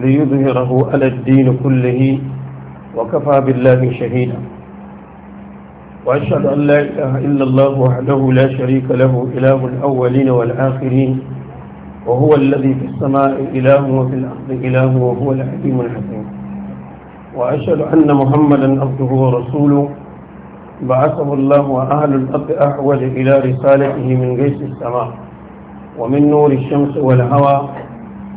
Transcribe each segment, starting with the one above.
ليظهره على الدين كله وكفى بالله شهيدا وأشهد أن لا إله إلا الله وحده لا شريك له إله الأولين والآخرين وهو الذي في السماء إله وفي الأرض إله وهو الحكيم الحكيم وأشهد أن محمدا عبده ورسوله بعثه الله وأهل الأرض أحوج إلى رسالته من جيش السماء ومن نور الشمس والهوى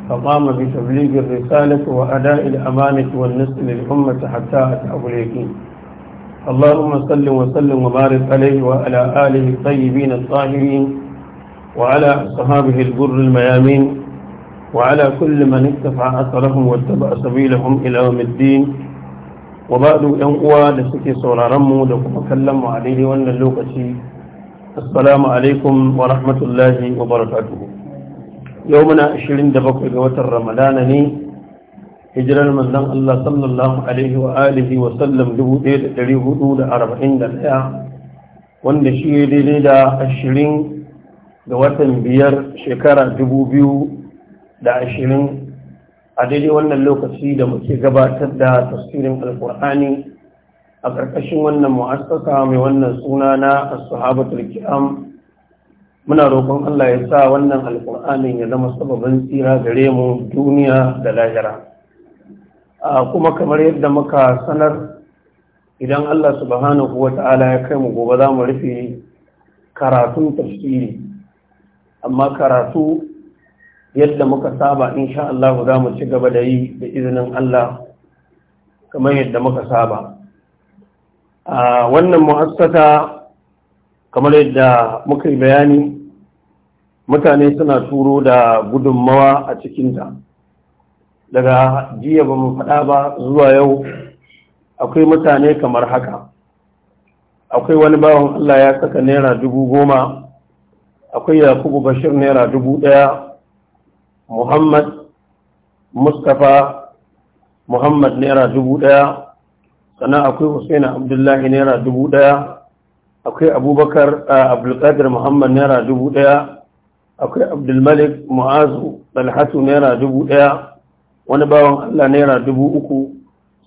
فقام بتبليغ الرسالة وأداء الأمانة والنصر للأمة حتى أتعب اليقين اللهم صل وسلم وبارك عليه وعلى آله الطيبين الطاهرين وعلى أصحابه الجر الميامين وعلى كل من اكتفع أثرهم واتبع سبيلهم إلى يوم الدين وبعد ينقوى لسكي صورارمو لكم أكلم عليه وأن اللوكشي السلام عليكم ورحمة الله وبركاته yau muna 27 ga watan ramadana ne hijirar manzon Allah sallallahu alaihi wa alihi wa sallam 1441 wanda shi ya daidai da 20 ga watan biyar shekara 2020 a daidai wannan lokaci da muke gabatar da tasirin alkur'ani a ƙarƙashin wannan mu'assasa mai wannan suna na as-sahabatul kiram muna roƙon Allah ya sa wannan alƙur'anin ya zama sababin tsira gare mu duniya da lahira A kuma kamar yadda muka sanar idan Allah subhanahu wa ta'ala ya kai mu gobe za mu rufe karatun tafsiri amma karatu yadda muka saba insha Allah za mu ci gaba da yi da izinin Allah kamar yadda muka saba a wannan mu'assasa kamar yadda muka yi bayani mutane suna turo da gudunmawa a cikinta daga jiya ba mu faɗa ba zuwa yau akwai mutane kamar haka akwai wani bawan Allah ya saka naira dubu goma akwai yakubu bashir naira dubu ɗaya muhammad mustapha muhammad naira dubu ɗaya sannan akwai husaina abdullahi naira dubu ɗaya akwai abubakar abdulkadir muhammad naira dubu ɗaya akwai abdulmalik mu'azu dalhatu naira dubu ɗaya wani bawan allah naira dubu uku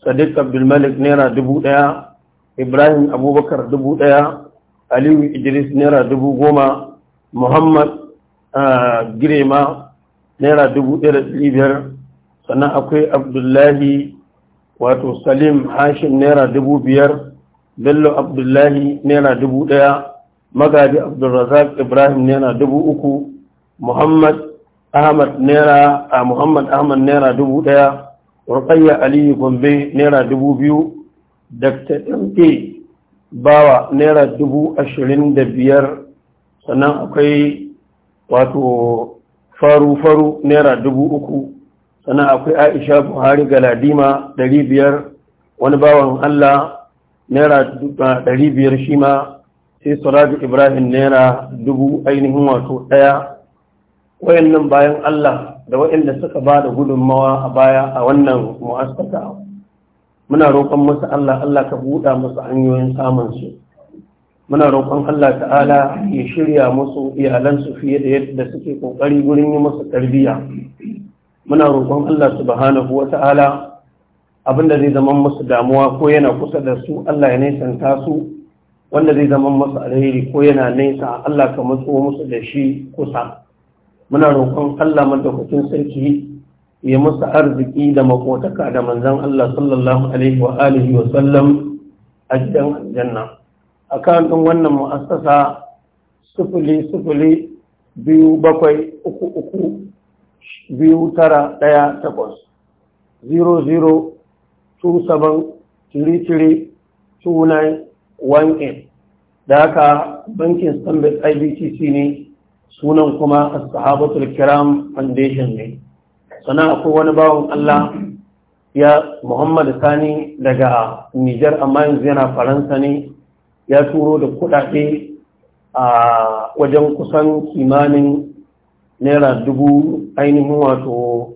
sadiq abdulmalik naira dubu ɗaya ibrahim abubakar dubu ɗaya aliyu idris naira dubu goma muhammad girema naira dubu ɗaya da biyar sannan akwai abdullahi wato salim hashim naira dubu biyar bello abdullahi naira dubu ɗaya magaji abdulrazak ibrahim naira dubu uku muhammad ahmad nera a muhammad ahmad nera dubu ɗaya rukayya aliyu gombe nera dubu biyu dr mk bawa nera dubu ashirin da biyar sannan akwai wato faru-faru naira dubu uku sannan akwai aisha buhari galadima ɗari biyar wani bawan allah naira ɗari biyar shi ma sai suraju ibrahim naira dubu ainihin wato ɗaya wayannan bayan allah da wayanda suka ba da gudunmawa a baya a wannan mu'asaka muna roƙon musu allah allah ka buɗa musu hanyoyin samun su muna roƙon allah ta'ala ya shirya musu iyalansu fiye da yadda suke ƙoƙari gurin yi musu tarbiyya muna roƙon allah subhanahu wa ta'ala abin da zai zama musu damuwa ko yana kusa da su Allah ya nesanta su wanda zai zama masu alheri ko yana nesa Allah ka matso musu da shi kusa muna roƙon Allah madaukakin sarki ya musu arziki da makotaka da manzon Allah sallallahu alaihi wa alihi wa sallam a gidan aljanna akan din wannan mu'assasa sufuli sufuli biyu bakwai uku uku biyu tara ɗaya takwas zero zero two seven three da haka bankin standard ibtc ne sunan kuma ashabatul kiram foundation ne sana akwai wani bawan allah ya Muhammadu sani daga Nijar, amma yanzu yana faransa ne ya turo da kudade a wajen kusan kimanin naira dubu ainihin wato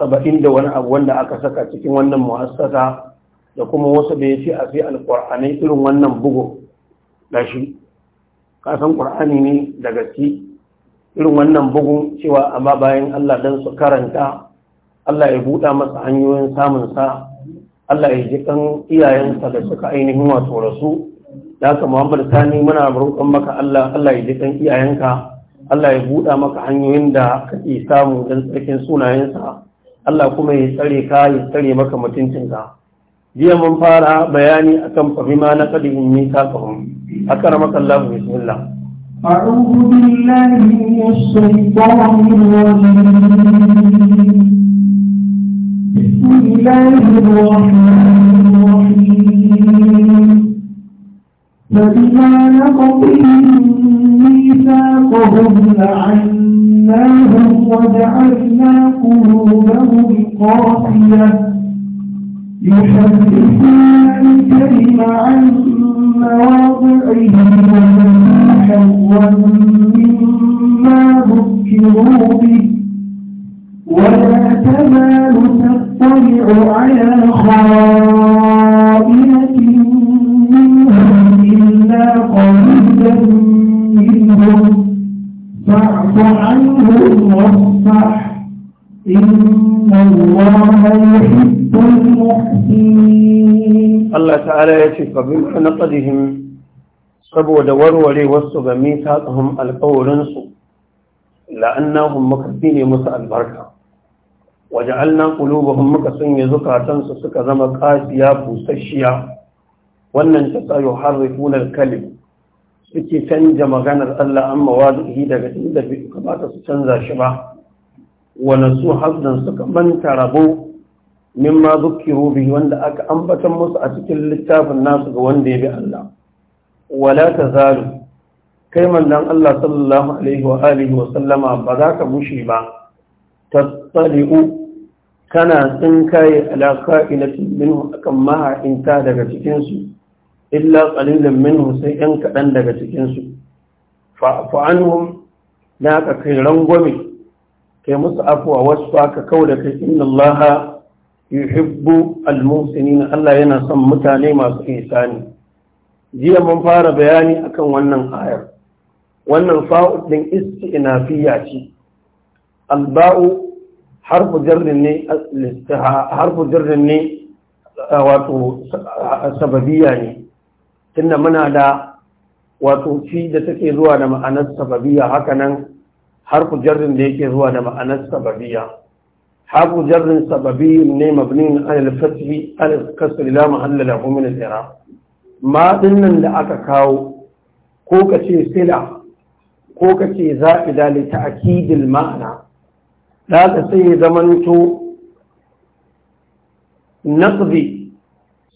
saba'in da wani abu wanda aka saka cikin wannan mu'assasa da kuma wasu da ya ce a sai alƙur'anai irin wannan bugu da shi kasan ƙur'ani ne daga ci irin wannan bugu cewa amma bayan Allah don su karanta Allah ya buɗa masa hanyoyin samunsa Allah ya ji kan iyayensa da suka ainihin wato rasu da haka Muhammadu Sani muna roƙon maka Allah Allah ya ji kan iyayenka Allah ya buɗa maka hanyoyin da kake samu don tsarkin sunayensa Allah kuma ya tsare ka ya tsare maka mutuncinka jiya mun fara bayani akan fahima na kadihin nisa a ƙara maka Allah bismillah أعوذ بالله من الشيطان الرجيم فبما نقضهم فَأَغْرَقْنَاهُمْ لَعَنَّاهُمْ وَجَعَلْنَا قُلُوبَهُمْ قَاسِيَةً يحدثون الكلم عن مواضعه ومن حظا مما ذكروا به ولا تزال تطلع على خاطئ فاعف عنهم واصفح إن الله يحب المحسنين الله تعالى يتفى بمحنقدهم saboda warwarewarsu ga mitaƙahun alƙawarinsu la'annahun muka ne musu albarka waje alnan ƙulubahun muka yi zukatansu suka zama ƙasiya busasshiya wannan ta tsayo harrifunar kalim suke canja maganar Allah amma wazihi daga inda bai kamata su canza shi ba wani su hasdan suka manta rabo ma zukiru bihi wanda aka ambatan musu a cikin littafin nasu ga wanda ya bi Allah wala tazalu kai mandan Allah sallallahu alaihi wa alihi wa sallama ba za ka bushe ba tasali'u kana tsinkaye alaƙa ilatin minhu akan maha'inta daga cikinsu illa qalilan minhum sai 'yan kaɗan daga cikin su na ka kai rangwame kai musu afuwa wasu aka kau da kai inna Allah yuhibbu al na Allah yana son mutane masu ihsani jiya mun fara bayani akan wannan ayar wannan fa'u din isti'nafiya ce alba'u harfu jarrin ne harfu ne wato sababiya ne tunda muna da wato fi da take zuwa da ma'anar sababiyya hakanan harfu jarrin da yake zuwa da ma'anar sababiyya harfu jarrin sababi ne mabnin alal fathi alal kasri la mahalla lahu min al i'rab ma dinnan da aka kawo ko kace sila ko kace za'ida li ta'kidil ma'ana da ka sai zamanto naqdi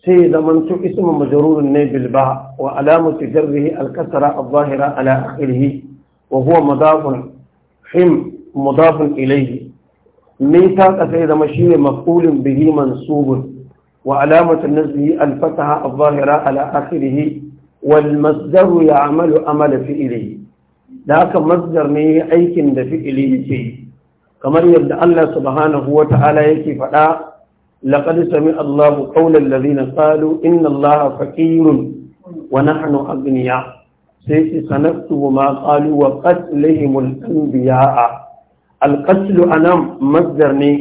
sai zamanto ismun majarurin ne bil ba wa alamatu jarrihi al kasra al zahira ala akhirih wa huwa mudafun him mudafun ilayhi min ta sai zama shine maf'ulun bihi mansubun wa alamatu nasbihi al fataha al zahira ala akhirih wal masdaru ya'malu amala fi'lihi da haka masdar ne aikin da fi'ili yake kamar yadda Allah subhanahu wa ta'ala yake faɗa لقد سمع الله قول الذين قالوا إن الله فقير ونحن أغنياء سيس سنكتب ما قالوا وقتلهم الأنبياء القتل أنا مصدرني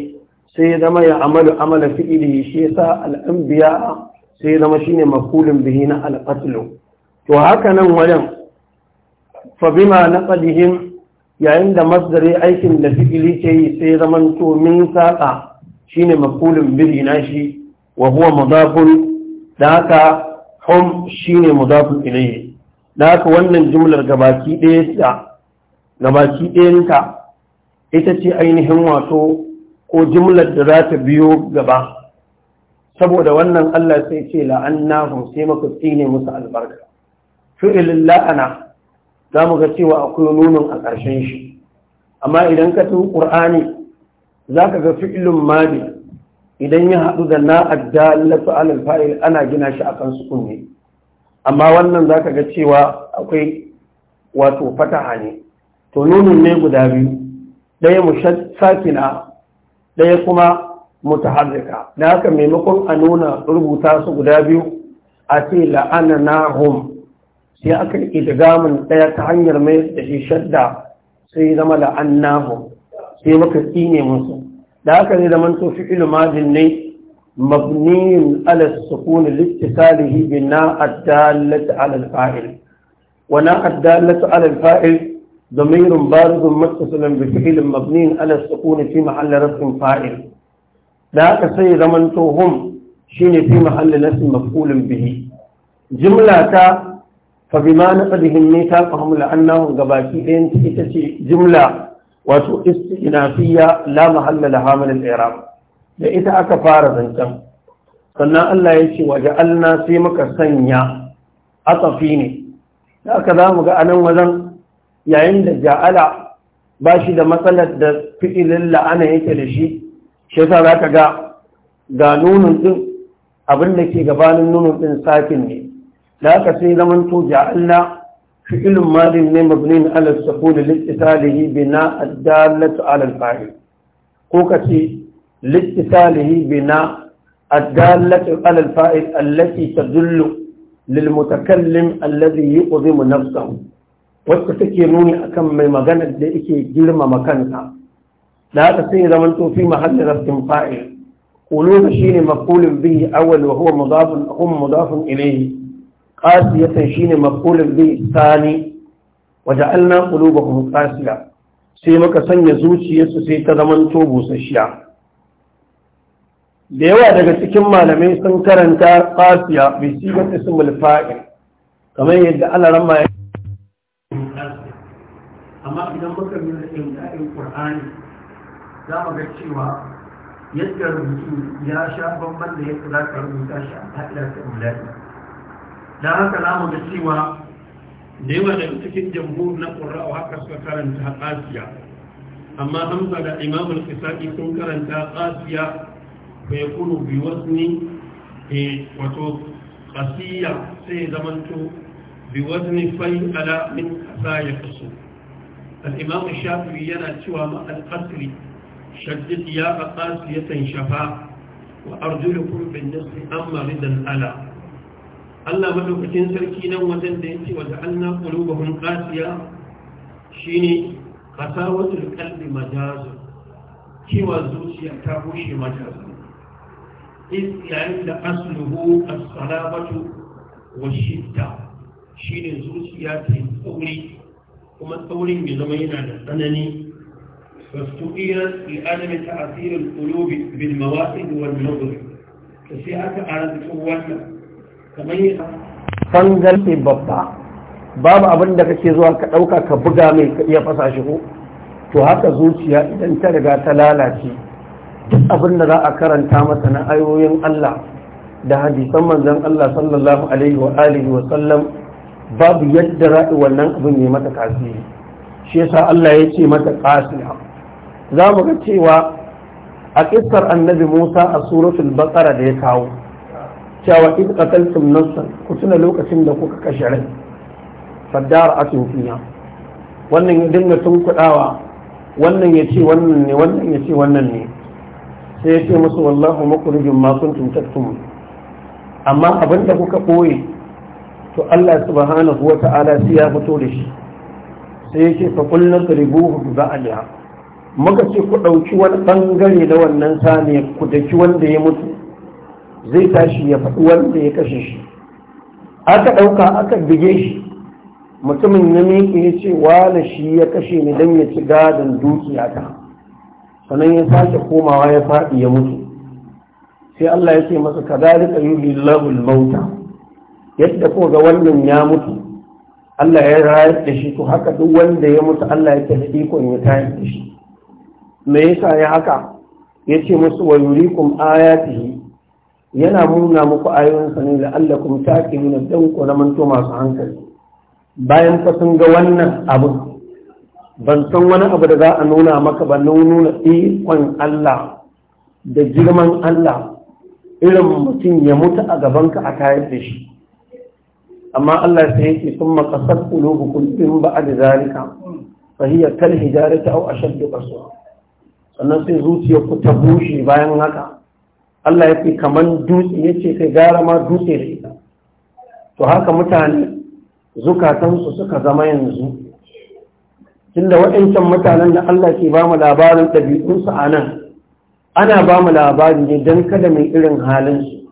سيد ما يعمل عمل فئله شيسا الأنبياء سيد ما شين مفعول بهنا القتل وهكذا ولم فبما نقدهم يعني مصدر أيكم لفئله شيء سيد من تو من ساقا shine maf'ulun bihi nashi wa huwa mudafun da haka hum shine mudafun ilayhi da haka wannan jumlar gabaki ɗaya gabaki ita ce ainihin wato ko jumlar da za ta biyo gaba saboda wannan Allah sai ce la'annahum sai maka tsine musu albarka fi'ilin la'ana za mu ga cewa akwai nunin a ƙarshen shi amma idan ka tafi ƙur'ani za ka ga fi'ilun mali idan ya haɗu da na addalatu alal fa'il ana gina shi kan sukun ne amma wannan za ka ga cewa akwai wato fataha ne to nunin ne guda biyu ɗaya mu sakina, ɗaya kuma mu da haka maimakon a nuna rubuta su guda biyu a ce la'ana na hum sai aka idgamin ɗaya ta hanyar mai da shi shadda sai zama la'an na hum sai muka tsine musu da haka ne da manto fi'il madin ne mabniyun ala sukun littisalihi bin na addalatu ala alfa'il wa na addalatu ala alfa'il ضمير بارز متصل بفعل مبني على السكون في محل رفع فاعل ذاك bihi. Jimla ta. في محل نفس مفعول به جملة فبما نقدهم ميثاقهم لأنهم غباكي ita ce jimla. wato istinafiya la mahalla laha min da ita aka fara zancen sannan Allah ya ce waje alna sai muka sanya atafi ne da aka za mu ga anan wajen yayin da ja'ala ba shi da matsalar da fi'ilin la'ana yake da shi shi yasa za ka ga ga nunun din abin da ke gabanin nunun din sakin ne da aka sai zamanto ja'alna فعل ماض مبني على السكون لاتصاله بناء الدالة على الفاعل كوكتي لاتصاله بناء الدالة على الفائل التي تدل للمتكلم الذي يقدم نفسه والتفكيرون أكم من مغانا لإكي جلم مكانها لا تسير زمنت في محل رفض فائل قلوب شين مقول به أول وهو مضاف هم مضاف إليه qasiyatan shine maf'ulun bi tsani waja'alna qulubahum qasiya sai muka sanya zuciyarsu sai ta zaman to busasshiya da yawa daga cikin malamai sun karanta qasiya bi sigat ismul fa'il kamar yadda Allah ramma ya amma idan muka bi da imdadin qur'ani za mu ga cewa yadda rubutu ya sha bamban da yadda za ka rubuta shi a ta'ila ta da haka za mu ga cewa da yawa daga cikin jamhur na ƙura'u haka suka karanta asiya amma hamza da imamul kisaki sun karanta asiya bai kunu biwasni e eh, wato asiya sai zamanto biwasni fai ala min ƙasa ya kaso al'imam shafi yana cewa ma al'asiri shaddid ya a asiyatan shafa wa arjulukun bin nasi amma ridan ala Allah madaukakin sarki nan wajen da yake wata anna qulubuhum qasiya shine qasawatul qalbi majaz cewa zuciya ta bushe majaz is yayin da asluhu as-salabatu wash-shidda shine zuciya ta tsauri kuma tsaurin ya zama yana da tsanani فاستقيلت لأدم تأثير القلوب بالموائد sai aka على wannan. fangal ne babba babu abin da kake zuwa ka ɗauka ka buga mai ka iya fasa shi ko to haka zuciya idan ta riga ta lalace duk abin da za a karanta masa na ayoyin Allah da hadisan manzon Allah sallallahu alaihi wa alihi wa sallam babu yadda ra'i wannan abin ya mata tasiri shi yasa Allah ya ce mata qasiya za mu ga cewa a kissar annabi Musa a suratul baqara da ya kawo cewa in qataltum nafsan ku tuna lokacin da kuka kashe rai faddar atun fiya wannan ya dinga tun kudawa wannan ya ce wannan ne wannan ya ce wannan ne sai ya ce musu wallahu makurjin masu kuntum tattumun amma abin da kuka ɓoye to Allah subhanahu wa ta'ala sai ya fito da shi sai ya ce fa kullu qribuhu bi ba'liha muka ce ku ɗauki wani ɓangare na wannan saniyar ku daki wanda ya mutu zai tashi ya faɗi wanda ya kashe shi aka ɗauka aka bige shi mutumin ya miƙe ya ce wane shi ya kashe ni don ya ci gadon dukiya ta sannan ya sake komawa ya faɗi ya mutu sai Allah ya ce masa kadhalika yuhillahu labul mauta yadda ko ga wannan ya mutu Allah ya rayar da shi to haka duk wanda ya mutu Allah ya da ikon ya tayar da shi me yasa ya haka yace musu wa yurikum ayatihi yana nuna muku ayoyinsa ne la'allakum taqiluna dan na manto masu hankali bayan fa sun ga wannan abu, ban san wani abu da za a nuna maka ba nuna ikon Allah da girman Allah irin mutum ya mutu a gabanka a tayar da shi amma Allah sai yake sun makasar kulubukum in ba a da zalika fahiyar kal hijarata au ashaddu qaswa sannan sai zuciyarku ta bushe bayan haka Allah ya fi kaman dutse ya ce sai gara ma dutse da ita to haka mutane zukatansu suka zama yanzu tunda waɗancan mutanen da Allah ke ba mu labarin ɗabi'unsu a nan ana ba mu labari ne don kada mai irin halinsu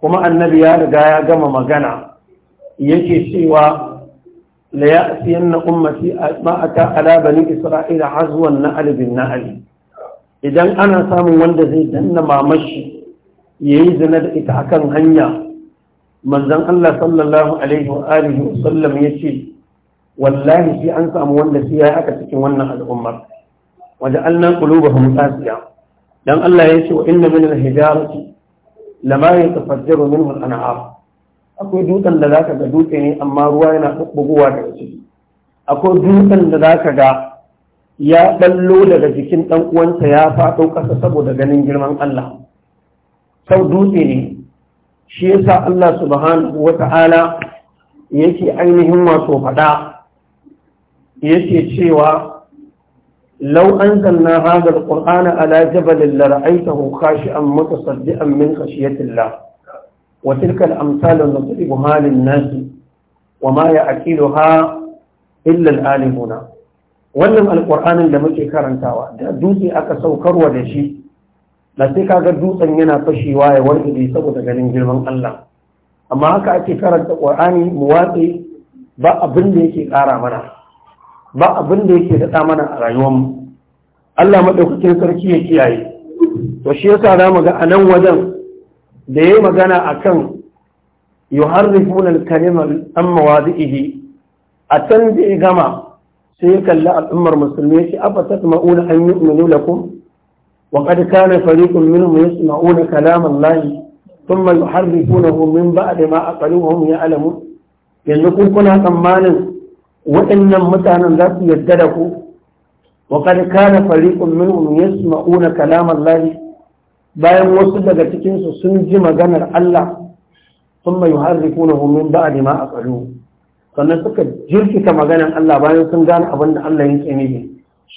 kuma annabi ya riga ya gama magana yake cewa la na ummati ma ata ala bani isra'ila hazwan na'al bin na'al idan ana samun wanda zai danna mamashi ya yi zina da ita akan hanya manzan Allah sallallahu alaihi wa alihi wa sallam ya ce wallahi sai an samu wanda sai ya haka cikin wannan al'ummar waje allan qulubahum qasiya dan Allah ya ce wa inna min al-hijarati lama yatafajjaru min al-anhar akwai dutsen da zaka ga dutse ne amma ruwa yana bubbugowa daga ciki akwai dutsen da zaka ga ya ɗallo daga jikin ɗan uwansa ya faɗo ƙasa saboda ganin girman Allah. Sau dutse ne, shi yasa Allah subhanahu wa ta’ala yake ainihin masu faɗa, yake cewa, Lau na zanna hagar ƙurani ala jabalin lara'aita hukka shi an mata sardi an min kashiyatillah. Wa tilkal amsalin da tsari buhalin nasi, wa ma ya aqiluha illa al'alimuna. wannan alƙur'anin da muke karantawa da dutse aka saukarwa da shi da sai kaga dutsen yana fashewa ya da saboda ganin girman Allah amma haka ake karanta ƙur'ani mu watsi ba abin da yake ƙara mana ba abin da yake daɗa mana a rayuwarmu Allah maɗaukakin sarki ya kiyaye to shi yasa za mu ga a nan wajen da ya yi magana akan kan yuharrifuna al-kalima amma a can da ya gama سيك الله الأمر المسلمين أفا تطمعون أن يؤمنوا لكم وقد كان فريق منهم يسمعون كلام الله ثم يحرفونه من بعد ما أقلوهم يعلمون يقول كنا كمان وإن متانا لا يددك وقد كان فريق منهم يسمعون كلام الله بين وصدق تكنس سنجم جنر الله ثم يحرفونه من بعد ما أقلوهم sannan suka jirkita maganan Allah bayan sun gane abin da Allah yake nufi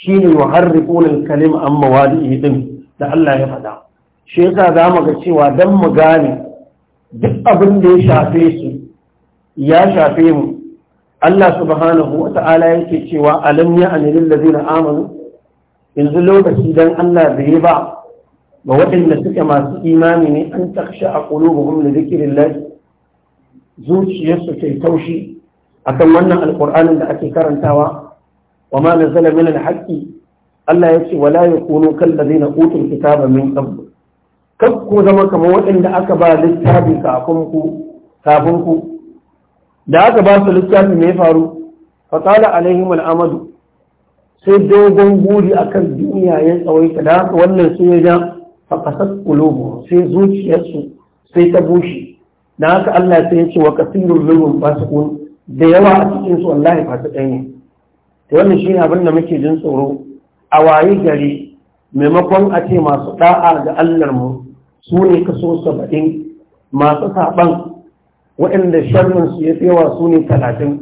shine yuharriquna kalima an mawadi'i din da Allah ya faɗa shi yasa za mu ga cewa dan mu gane duk abin da ya shafe su ya shafe mu Allah subhanahu wa ta'ala yake cewa alam ya anilil ladina amanu yanzu lokaci dan Allah ya ba ga waɗanda suke masu imani ne an taksha a qulubuhum li dhikrillah zuciyarsu ta taushi akan wannan alƙur'anin da ake karantawa wa ma nazala min al-haqqi Allah ya ce wala yakunu kal ladina utul kitaba min qabl kab ku zama kamar waɗanda aka ba littafi kafin ku kafin ku da aka ba su littafi me faru fa qala alaihim al-amadu sai dogon buri akan duniya ya tsawaita da haka wannan sai ya ja fa qasat qulubuhum sai zuciyarsu sai ta bushe da haka Allah sai ya ce wa kasirul lahum fasiqun da yawa a cikin su wallahi ɗai ne to wannan shine abin da muke jin tsoro a waye gari maimakon a ce masu ɗa'a ga Allah mu su ne kaso saba'in masu saban waɗanda sharrin su ya tsewa su ne talatin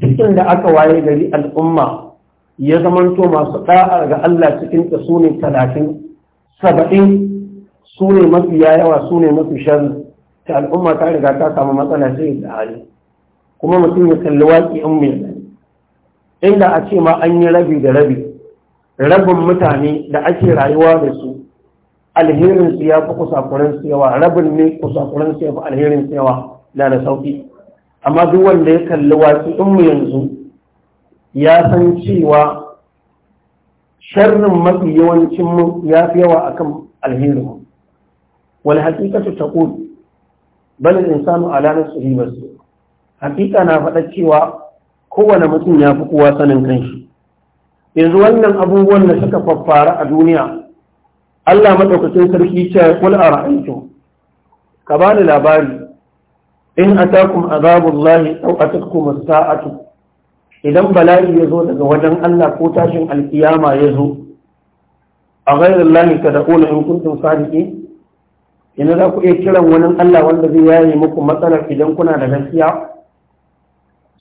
duk inda aka waye gari al'umma ya zamanto masu ɗa'a ga Allah cikin ta su ne talatin saba'in su ne mafi yawa su ne mafi sharri ta al'umma ta riga ta samu matsala ce da hali kuma mutum ya kalli waƙi in mai inda a ce ma an yi rabi da rabi rabin mutane da ake rayuwa da su alherinsu ya fi su yawa rabin ne su ya fi alherinsu yawa da da sauƙi amma duk wanda ya kalli waƙi in mu yanzu ya san cewa sharrin mafi yawancin mu ya fi yawa akan alherin wal haqiqatu taqul bal insanu ala nafsihi basir hakika na faɗa cewa kowane mutum ya fi kowa sanin kanshi yanzu wannan abubuwan da suka faffara a duniya Allah maɗaukacin sarki ce kul ara'aytum ka bani labari in atakum azabullahi aw atakum as-sa'atu idan bala'i ya zo daga wajen Allah ko tashin alkiyama ya zo a ghairin lahi ka da'una in kuntum sadiqi ina za ku iya kiran wani Allah wanda zai yaye muku matsalar idan kuna da gaskiya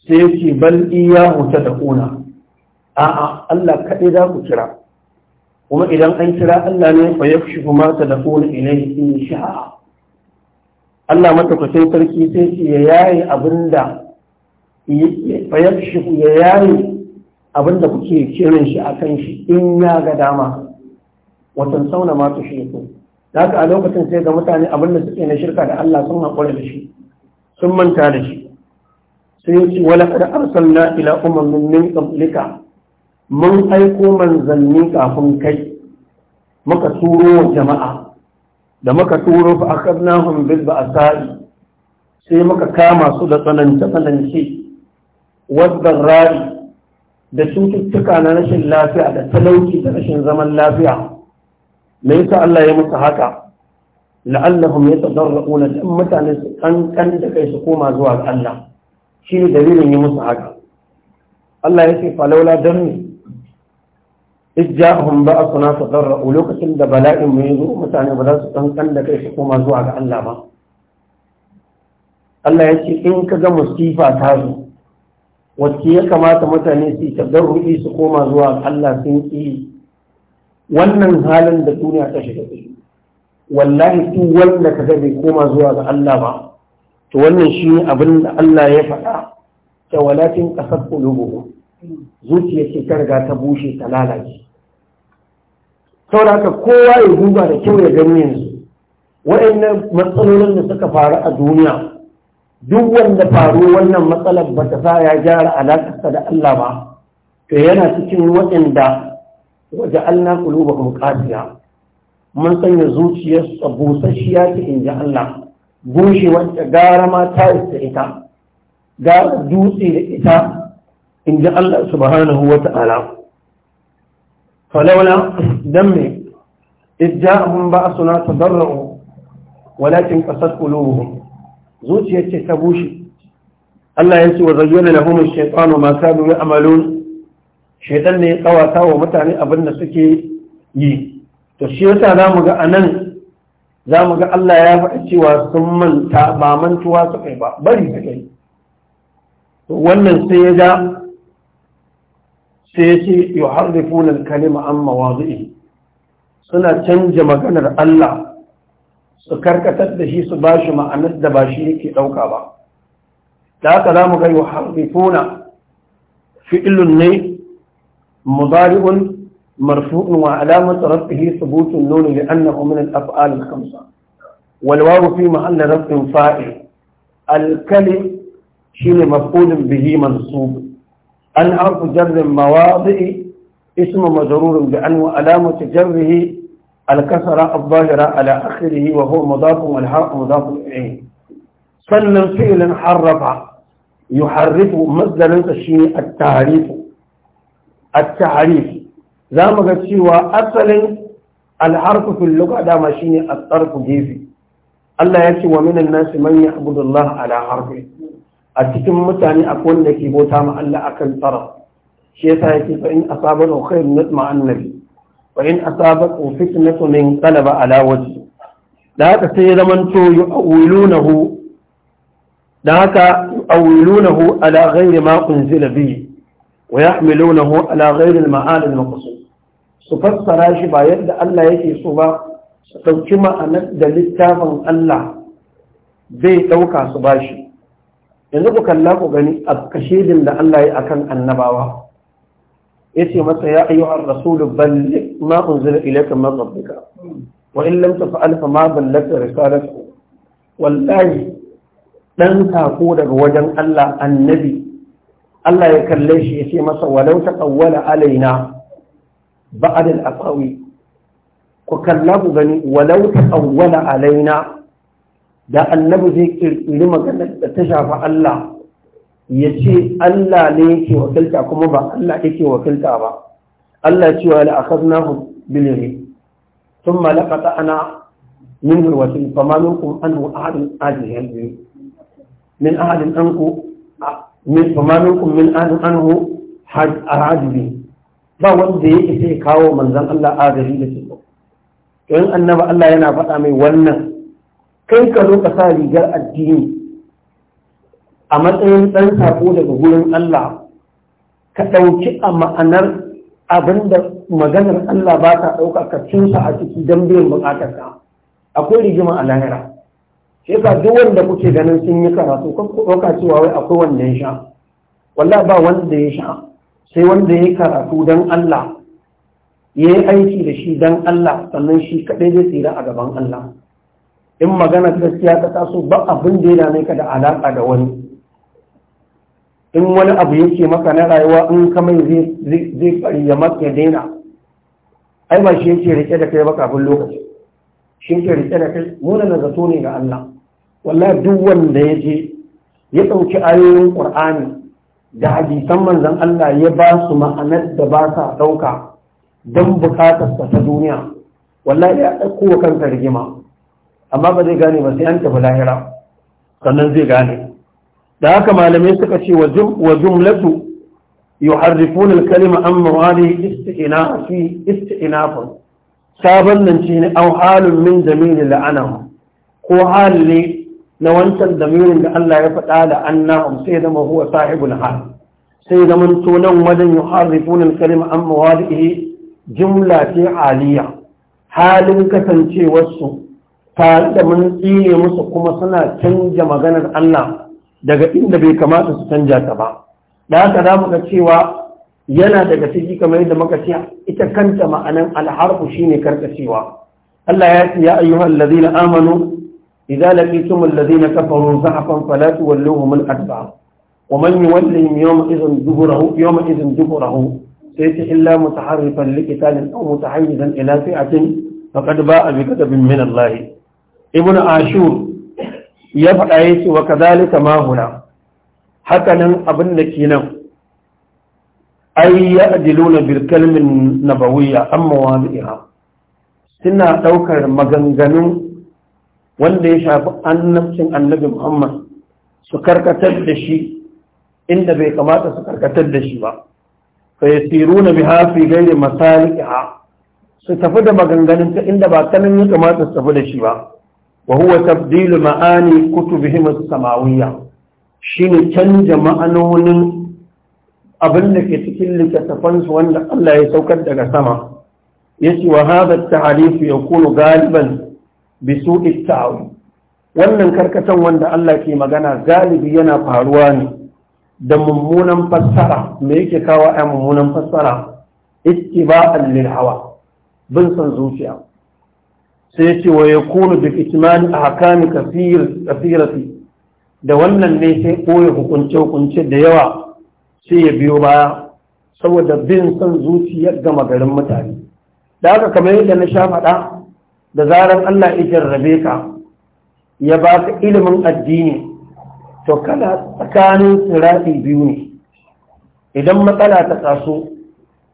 sai ya ce bal iyahu ta a a'a Allah kaɗai za ku kira kuma idan an kira Allah ne fa yakshi kuma ta ina yi in sha'a Allah sai sarki sai ce ya yaye abinda fa yakshi ya yaye abinda kuke kiran shi a kan shi in ya ga dama watan sauna ma su shirku da haka a lokacin sai ga mutane abinda suke na shirka da Allah sun haƙura da shi sun manta da shi sai ya ce wala kada arsalna ila umamin min qablika mun aiko manzanni kafin kai Maka turo jama'a da muka turo fa akhadnahum bil ba'sa'i sai muka kama su da tsananta tsananci wadda rari da cututtuka na rashin lafiya da talauci da rashin zaman lafiya me yasa Allah ya musu haka la'allahum yatadarruna dan mutane su kankan da kai su koma zuwa ga Allah shi ne dalilin yi musu haka Allah ya ce falaula don ne a ijja'ahum su tadarru lokacin da bala'in mai zuwa, mutane ba za su kankan da kai su koma zuwa ga Allah ba Allah ya ce in ka ga musifa ta zo wacce ya kamata mutane su tadarru'i su koma zuwa ga Allah sun ƙi wannan halin da duniya ta shiga ciki wallahi duk wanda kaga bai koma zuwa ga Allah ba to wannan shi ne abin da Allah ya faɗa ta walakin ƙasar ƙulubu zuciya ce ta riga ta bushe ta lalace saboda haka kowa ya duba da kyau ya gani yanzu wa'annan matsalolin da suka faru a duniya duk wanda faru wannan matsalar ba ta sa ya gyara alaƙarsa da Allah ba to yana cikin waɗanda waje Allah kuluba kuma ƙasiya mun sanya zuciyarsa busasshiya ta in ji Allah bushewanta gara ma ta isa ita gara dutse da ita in ji Allah subhanahu wa ta'ala falaula don me abin ba suna tadarra'u walakin ƙasar qulubuhum Zuciya ce ta bushe Allah ya ce wa zayyana na ash-shaytanu masu kanu ya'malun shaiɗan ne ya kawata wa mutane abin da suke yi to shi yasa zamu ga anan za mu ga Allah ya faɗa cewa sun manta ba mantuwa suka yi ba bari suka yi wannan sai ya ja sai ya ce yi harrifunan kalima an mawazu'i suna canja maganar Allah su karkatar da shi su ba shi ma'anar da ba shi yake ɗauka ba da haka za mu ga yi funa fi'ilun ne mudari'un مرفوع وعلامة رفعه ثبوت النون لأنه من الأفعال الخمسة والواو في محل رفع فائل الكلم شين مفعول به منصوب الحرف جر مواضع اسم مجرور بأنه علامة جره الكسرة الظاهرة على آخره وهو مضاف والحاء مضاف إليه سلم فعلا حرف يحرف مصدر شيء التعريف التعريف za mu ga cewa asalin alharfu fil lugha dama ne a tsarku, gefe Allah ya ce wa minan nasi man ya'budu Allah ala harfi a cikin mutane akwai wanda ke bauta ma Allah akan tsara shi yasa yake fa in asabatu khairun natma annabi wa in asabatu fitnatu min qalaba ala wajhi da haka sai ya zaman to yu'awilunahu da haka yu'awilunahu ala ghairi ma unzila bihi wa yahmilunahu ala ghairi al-ma'al al-maqsud su fassara shi ba yadda Allah yake so ba su ɗauki ma'anar da littafin Allah zai ɗauka su ba shi yanzu ku kalla ku gani a kashedin da Allah ya akan annabawa ya ce masa ya ayyuhar rasulu balli ma unzila ilayka min rabbika wa in lam taf'al fa ma ballagta risalatu wallahi dan sako daga wajen Allah annabi Allah ya kalle shi ya ce masa walau taqawwala alaina ba'ad al ku kalla ku gani walau taqawwala alaina da annabi zai kirkiri magana da ta shafa Allah ya ce Allah ne yake wakilta kuma ba Allah yake wakilta ba Allah cewa la akhadnahu bil yamin thumma laqata'na minhu al-wasil fama minkum anhu ahadun ajihan min min ba wanda ya isa ya kawo manzan Allah agaji da cikin to annaba Allah yana faɗa mai wannan kai ka zo ka sa rigar addini a matsayin ɗan sako daga gurin Allah ka ɗauki a ma'anar abin da maganar Allah ba ta ɗauka ka cinsa a ciki don biyan ka akwai rigima a lahira sai ka duk wanda kuke ganin sun yi karatu kan ku ɗauka cewa wai akwai wanda ya sha walla ba wanda ya sha sai wanda ya karatu don Allah ya yi aiki da shi don Allah sannan shi kaɗai zai tsira a gaban Allah in magana gaskiya ka taso ba abin da ya dame ka da alaƙa da wani in wani abu yake maka na rayuwa in kamai zai fari ya maka daina ai ba shi yake rike da kai ba kafin lokaci shi yake rike da kai muna na zato ne ga Allah wallahi duk wanda ya je ya ɗauki ayoyin ƙur'ani da hadisan manzan Allah ya ba su ma'anar da ba sa ɗauka don buƙatar ta duniya wallahi ya ɗauko wa kanka rigima amma ba zai gane ba sai an tafi lahira sannan zai gane da haka malamai suka ce wa jumlatu yuharrifuna al-kalima an mawadi isti'na fi sabon nan ce ne an halin min jami'in la'anahu ko hal ne na wancan damirin da Allah ya faɗa da annahum sai zama huwa sahibul hal sai zaman to nan wajen yuharrifuna al-kalima an mawadihi jumla ce aliya halin kasancewarsu ta da mun tsire musu kuma suna canja maganar Allah daga inda bai kamata su canja ta ba da haka za mu ga cewa yana daga ciki kamar yadda muka ce ita kanta ma'anan alharfu shine karkacewa Allah ya ce ya ayyuhal ladina amanu إذا لقيتم الذين كفروا زحفا فلا تولوهم الأدبار ومن يولهم يومئذ دبره يومئذ دبره سيأتي إلا متحرفا لقتال أو متحيزا إلى فئة فقد باء بكتب من الله ابن عاشور يفعل وكذلك ما هنا حتى نن أبن كينا أي يأدلون بالكلم النبوية أم مواضعها سنة توكر مغنغنون wanda ya shafi annabcin annabi Muhammad su karkatar da shi inda bai kamata su karkatar da shi ba na bi hafi fi ghairi masaliha su tafi da maganganun ta inda ba kanin ya kamata su tafi da shi ba wa huwa tabdilu ma'ani kutubihim as-samawiyya shine canja ma'anonin abin da ke cikin littattafan su wanda Allah ya saukar daga sama yace wa hadha at ya yakunu galiban bisu ittahu wannan karkatan wanda Allah ke magana galibi yana faruwa ne da mummunan fassara me yake kawo a mummunan fassara ittiba'an lil hawa bin san zuciya sai yace wa yakunu bi itman ahkam kaseer kaseerati da wannan ne sai koyi hukunce hukunce da yawa sai ya biyo baya saboda bin san zuciya gama garin mutane da haka kamar yadda na sha faɗa da zarar Allah ya jarrabe ka ya ba ka ilimin addini to kana tsakanin tsirafi biyu ne idan matsala ta taso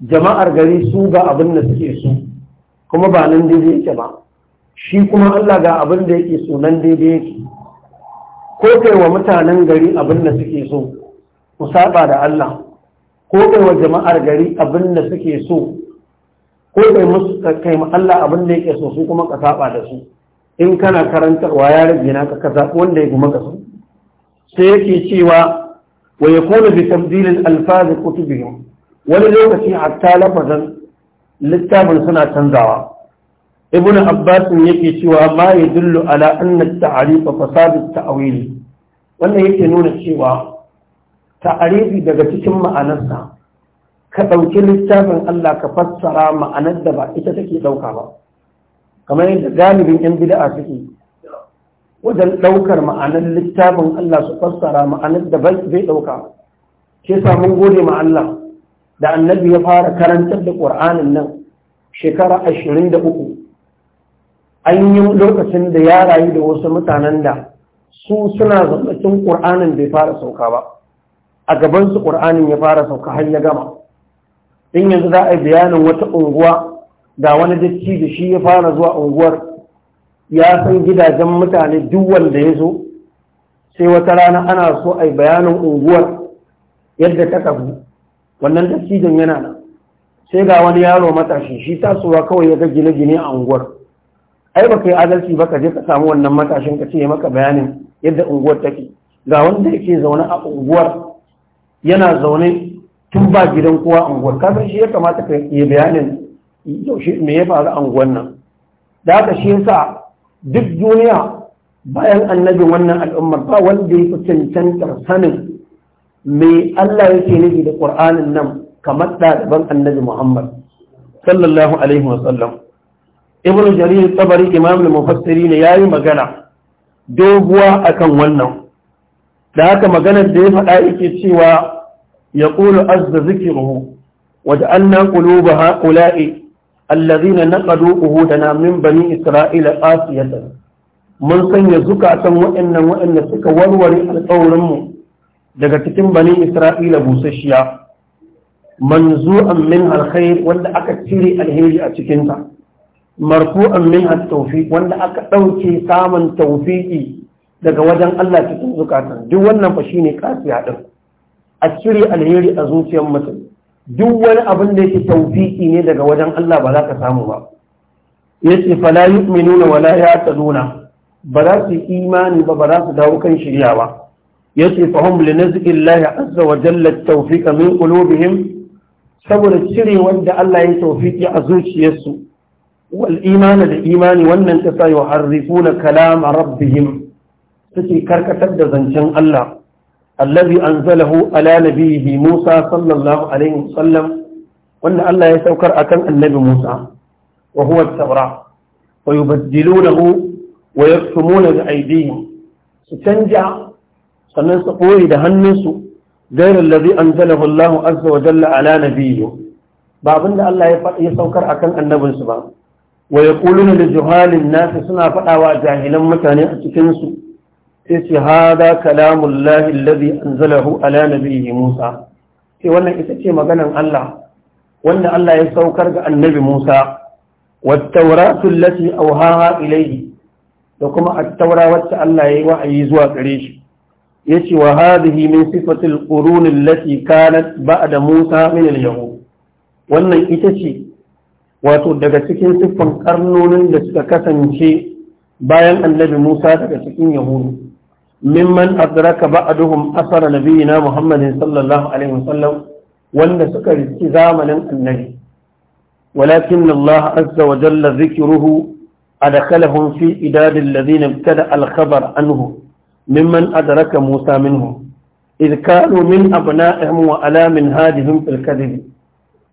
jama'ar gari su ga abin da suke so kuma ba nan daidai yake ba shi kuma Allah ga abin da yake so nan daidai yake ko kai wa mutanen gari abin da suke so ku saba da Allah ko kai wa jama'ar gari abin da suke so ko kai musu kai ma Allah abin da yake so su kuma ka saba da su in kana karantarwa ya rage naka ka zaɓi wanda ya kuma ka so sai yake cewa wa yakunu bi tabdil alfaz kutubihim wani lokaci hatta lafazan littafin suna canzawa Ibnu abbas yake cewa ma yadullu ala anna at-ta'rif fasad at-ta'wil wannan yake nuna cewa ta'arifi daga cikin ma'anarsa ka ɗauki littafin Allah ka fassara ma'anar da ba ita take ɗauka ba kamar yadda galibin 'yan bida'a suke wajen ɗaukar ma'anar littafin Allah su fassara ma'anar da bai ɗauka ke samun gode ma Allah da annabi ya fara karantar da ƙur'anin nan shekara ashirin da uku an yi lokacin da ya rayu da wasu mutanen da su suna zaɓacin ƙur'anin bai fara sauka ba a gabansu ƙur'anin ya fara sauka har ya gama in yanzu za a yi bayanin wata unguwa da wani dacci da shi ya fara zuwa unguwar ya san gidajen mutane duk wanda ya zo sai wata rana ana so a yi bayanin unguwar yadda ta tafi wannan dattijan yana nan sai ga wani yaro matashi shi tasowa kawai ya ga gine-gine a unguwar ai ba ka yi adalci ba ka je ka samu wannan matashin ka ce maka bayanin yadda unguwar take ga wanda yake zaune a unguwar yana zaune tun ba gidan kowa anguwar kasar shi ya kamata ka yi bayanin yaushe me ya faru unguwar nan da haka shi yasa duk duniya bayan annabi wannan al'ummar ba wanda ya fi cancantar sanin mai Allah yake nufi da Qur'anin nan kamar ɗaliban annabi Muhammad sallallahu alaihi wasallam ibn jarir tabari imam al-mufassiri ne yayi magana doguwa akan wannan da haka maganar da ya faɗa yake cewa يقول عز ذكره وجعلنا قلوب هؤلاء الذين نقضوا عهودنا من بني إسرائيل قاسية من سن زكاة وإن وإن سك ورور القول daga cikin bani Isra'ila busasshiya manzu'an min alkhair wanda aka cire alheri a cikinta marfu'an min at-tawfiq wanda aka ɗauke samun tawfiqi daga wajen Allah cikin zukatan duk wannan fa shine kasiya din a cire alheri a zuciyar mutum duk wani abin da yake taufiki ne daga wajen Allah ba za ka samu ba yace fala yu'minuna wala yahtaduna ba za su imani ba ba za su dawo kan shirya ba yace fa hum li nazqillahi azza wa jalla tawfiqa min qulubihim saboda cire wanda Allah ya tawfiki a zuciyarsu wal imani da imani wannan ta sa yuharrifuna kalama rabbihim suke karkatar da zancen Allah allazi anzalahu ala nabiyihi Musa sallallahu alaihi wasallam wanda Allah ya saukar akan annabi Musa wa huwa at-taura wa yubaddilunahu wa yaktumuna su sannan su koyi da hannunsu غير الذي أنزله الله عز وجل على نبيه بابن الله يسوكر أكن النبي سبحانه ويقولون لجهال الناس سنة فأوى جاهلا مكان أتكنسوا sai ce hada kalamun lahin lazi an zalahu ala nabihi musa sai wannan ita ce maganan allah wanda allah ya saukar ga annabi musa wattauratu lati auhaha ilaihi da kuma attaura wacce allah ya yi wa'ayi zuwa gare shi ya ce wa hadhihi min sifatil qurunin lati kanat da musa min yahu. wannan ita ce wato daga cikin siffan karnonin da suka kasance bayan annabi Musa daga cikin Yahudu mimman adraka ba'duhum asara nabiyina muhammadin sallallahu alaihi wasallam wanda suka riski zamanin annabi walakin Allah azza wa jalla zikruhu adkhalahum fi idad alladhina ibtada al-khabar anhu mimman adraka musa minhum إذ كانوا من أبنائهم وألا من هادهم في الكذب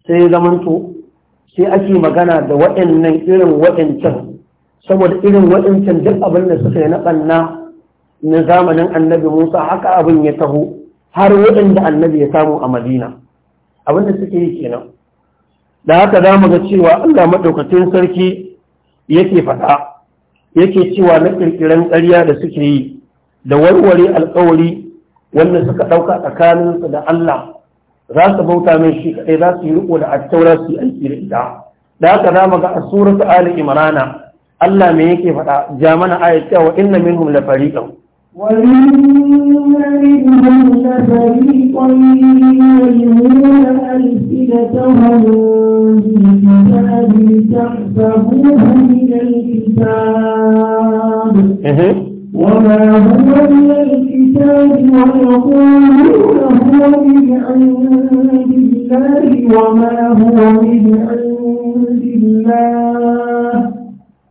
sai zamanto sai ake magana da waɗannan irin waɗancan saboda irin waɗancan duk abin da suka yi na ɓanna na zamanin annabi Musa haka abin ya taho har waɗanda annabi ya samu a Madina abinda suke yi kenan da haka za mu ga cewa Allah madaukakin sarki yake faɗa yake cewa na kirkiran ƙarya da suke yi da warware alƙawari wanda suka ɗauka tsakaninsu da Allah za su bauta mai shi kaɗai za su yi riko da attaura su yi aiki da ita da haka za mu ga a suratu ali imrana Allah me yake faɗa ja mana ayat cewa inna minhum la fariqan وإن منهم لفريقا يلمون ألسنتهم بالكتاب لتحسبوه من الكتاب وما هو من الكتاب ويقولون هو من عند الله وما هو من عند الله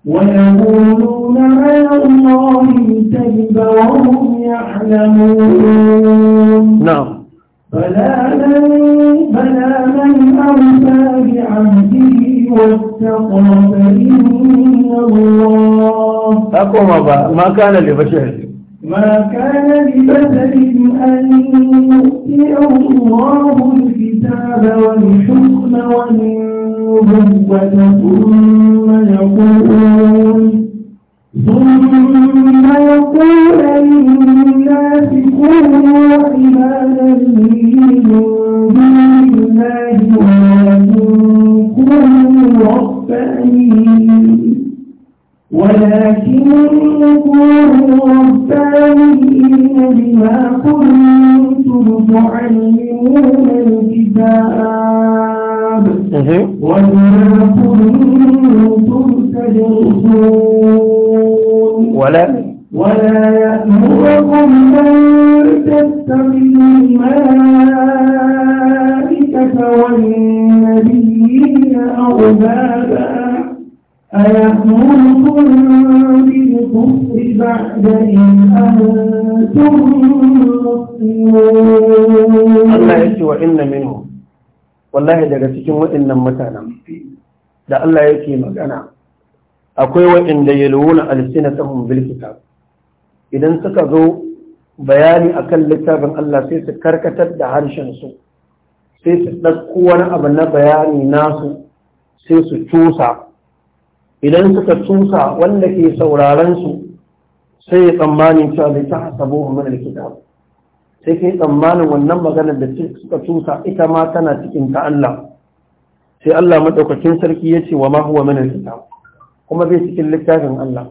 ويقولون على الله الكذب وهم يعلمون نعم فلا من فلا من أوفى بعهده واتقى فإن الله أقوم ما كان لبشر ما كان لبشر أن يؤتيه الله الكتاب والحكم والنبي هبة ثم يقول ثم يقول للناس لي من دون الله ولكن كونوا بما كنتم تعلمون الكتاب ولا ولا يأمركم أن تتخذوا الملائكة والنبيين أربابا أيأمركم بالكفر بعد إن أنتم مسلمون الله يسوى إن منهم wallahi daga cikin waɗannan mutanen da Allah yake magana akwai waɗanda ya yalwuna alsinatahum bil kitab idan suka zo bayani akan littafin Allah sai su karkatar da harshen su sai su ɗauko wani abu na bayani nasu sai su cusa idan suka cusa wanda ke sauraron su sai ya tsammanin cewa bai ta hasabu min alkitab sai kai tsammanin wannan maganar da suka tusa ita ma tana cikin ta Allah sai Allah madaukakin sarki ya ce wa ma huwa min al-kitab kuma bai cikin littafin Allah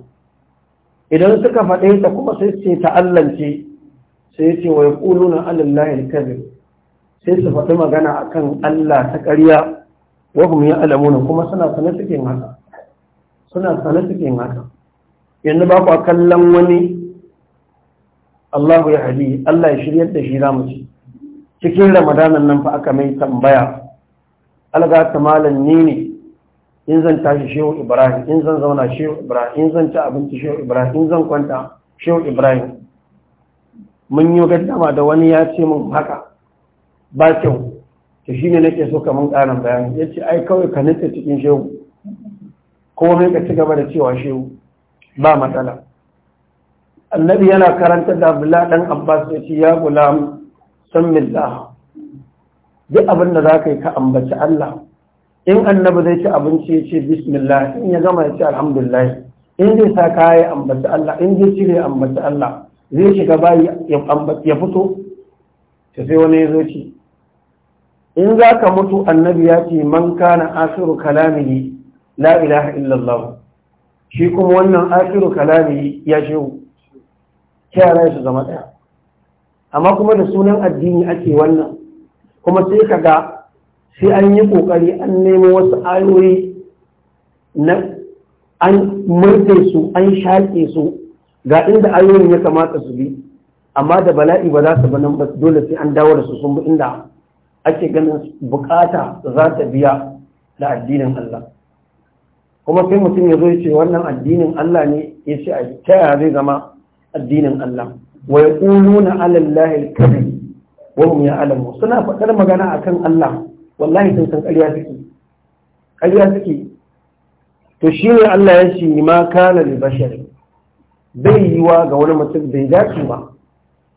idan suka faɗe ta kuma sai ce ta Allah ce sai ya ce wa yaquluna ala al-kadhib sai su faɗi magana akan Allah ta ƙarya wa ya alamuna kuma suna sanar cikin haka suna sane cikin haka yanzu ba ku kallon wani Allahu ya hali Allah ya shiryar da shi zamu ci cikin ramadanan nan fa aka mai tambaya alga ta malam ni ne in zan tashi shehu ibrahim in zan zauna shehu ibrahim in zan ci abinci shehu ibrahim in zan kwanta shehu ibrahim mun yi gaddama da wani ya ce min haka ba kyau ta shi ne nake so kamar ƙarin bayani ya ce ai kawai ka nutse cikin shehu ko mai ka ci gaba da cewa shehu ba matsala annabi yana karanta da abdullahi dan abbas ya ce ya gulam san millah duk abin za ka yi ka ambaci allah in annabi zai ci abinci ya ce bismillah in ya gama ya ce alhamdulillah in zai sa kaya ya ambaci allah in zai cire ya ambaci allah zai shiga bayi ya fito ta sai wani ya zo ci in za ka mutu annabi ya ce man kana asiru kalamihi la ilaha illallah shi kuma wannan asiru kalamihi ya shehu yara su zama ɗaya amma kuma da sunan addini ake wannan kuma sai ka ga sai an yi ƙoƙari an nemo wasu ayoyi na an murfe su an shaƙe su ga inda ayoyin ya kamata su bi amma da bala'i ba za su ba nan ba dole sai an dawo da su sun inda ake ganin bukata za ta biya da addinin Allah kuma sai mutum ya zo ya ce wannan addinin Allah ne ya ce a ta zai zama addinin Allah wa yaquluna 'ala Allahi al-kadhib wa hum ya'lamun suna faɗar magana akan Allah wallahi sun san ƙarya suke ƙarya suke to shine Allah ya ce ma kana li bashari bai yiwa ga wani mutum bai dace ba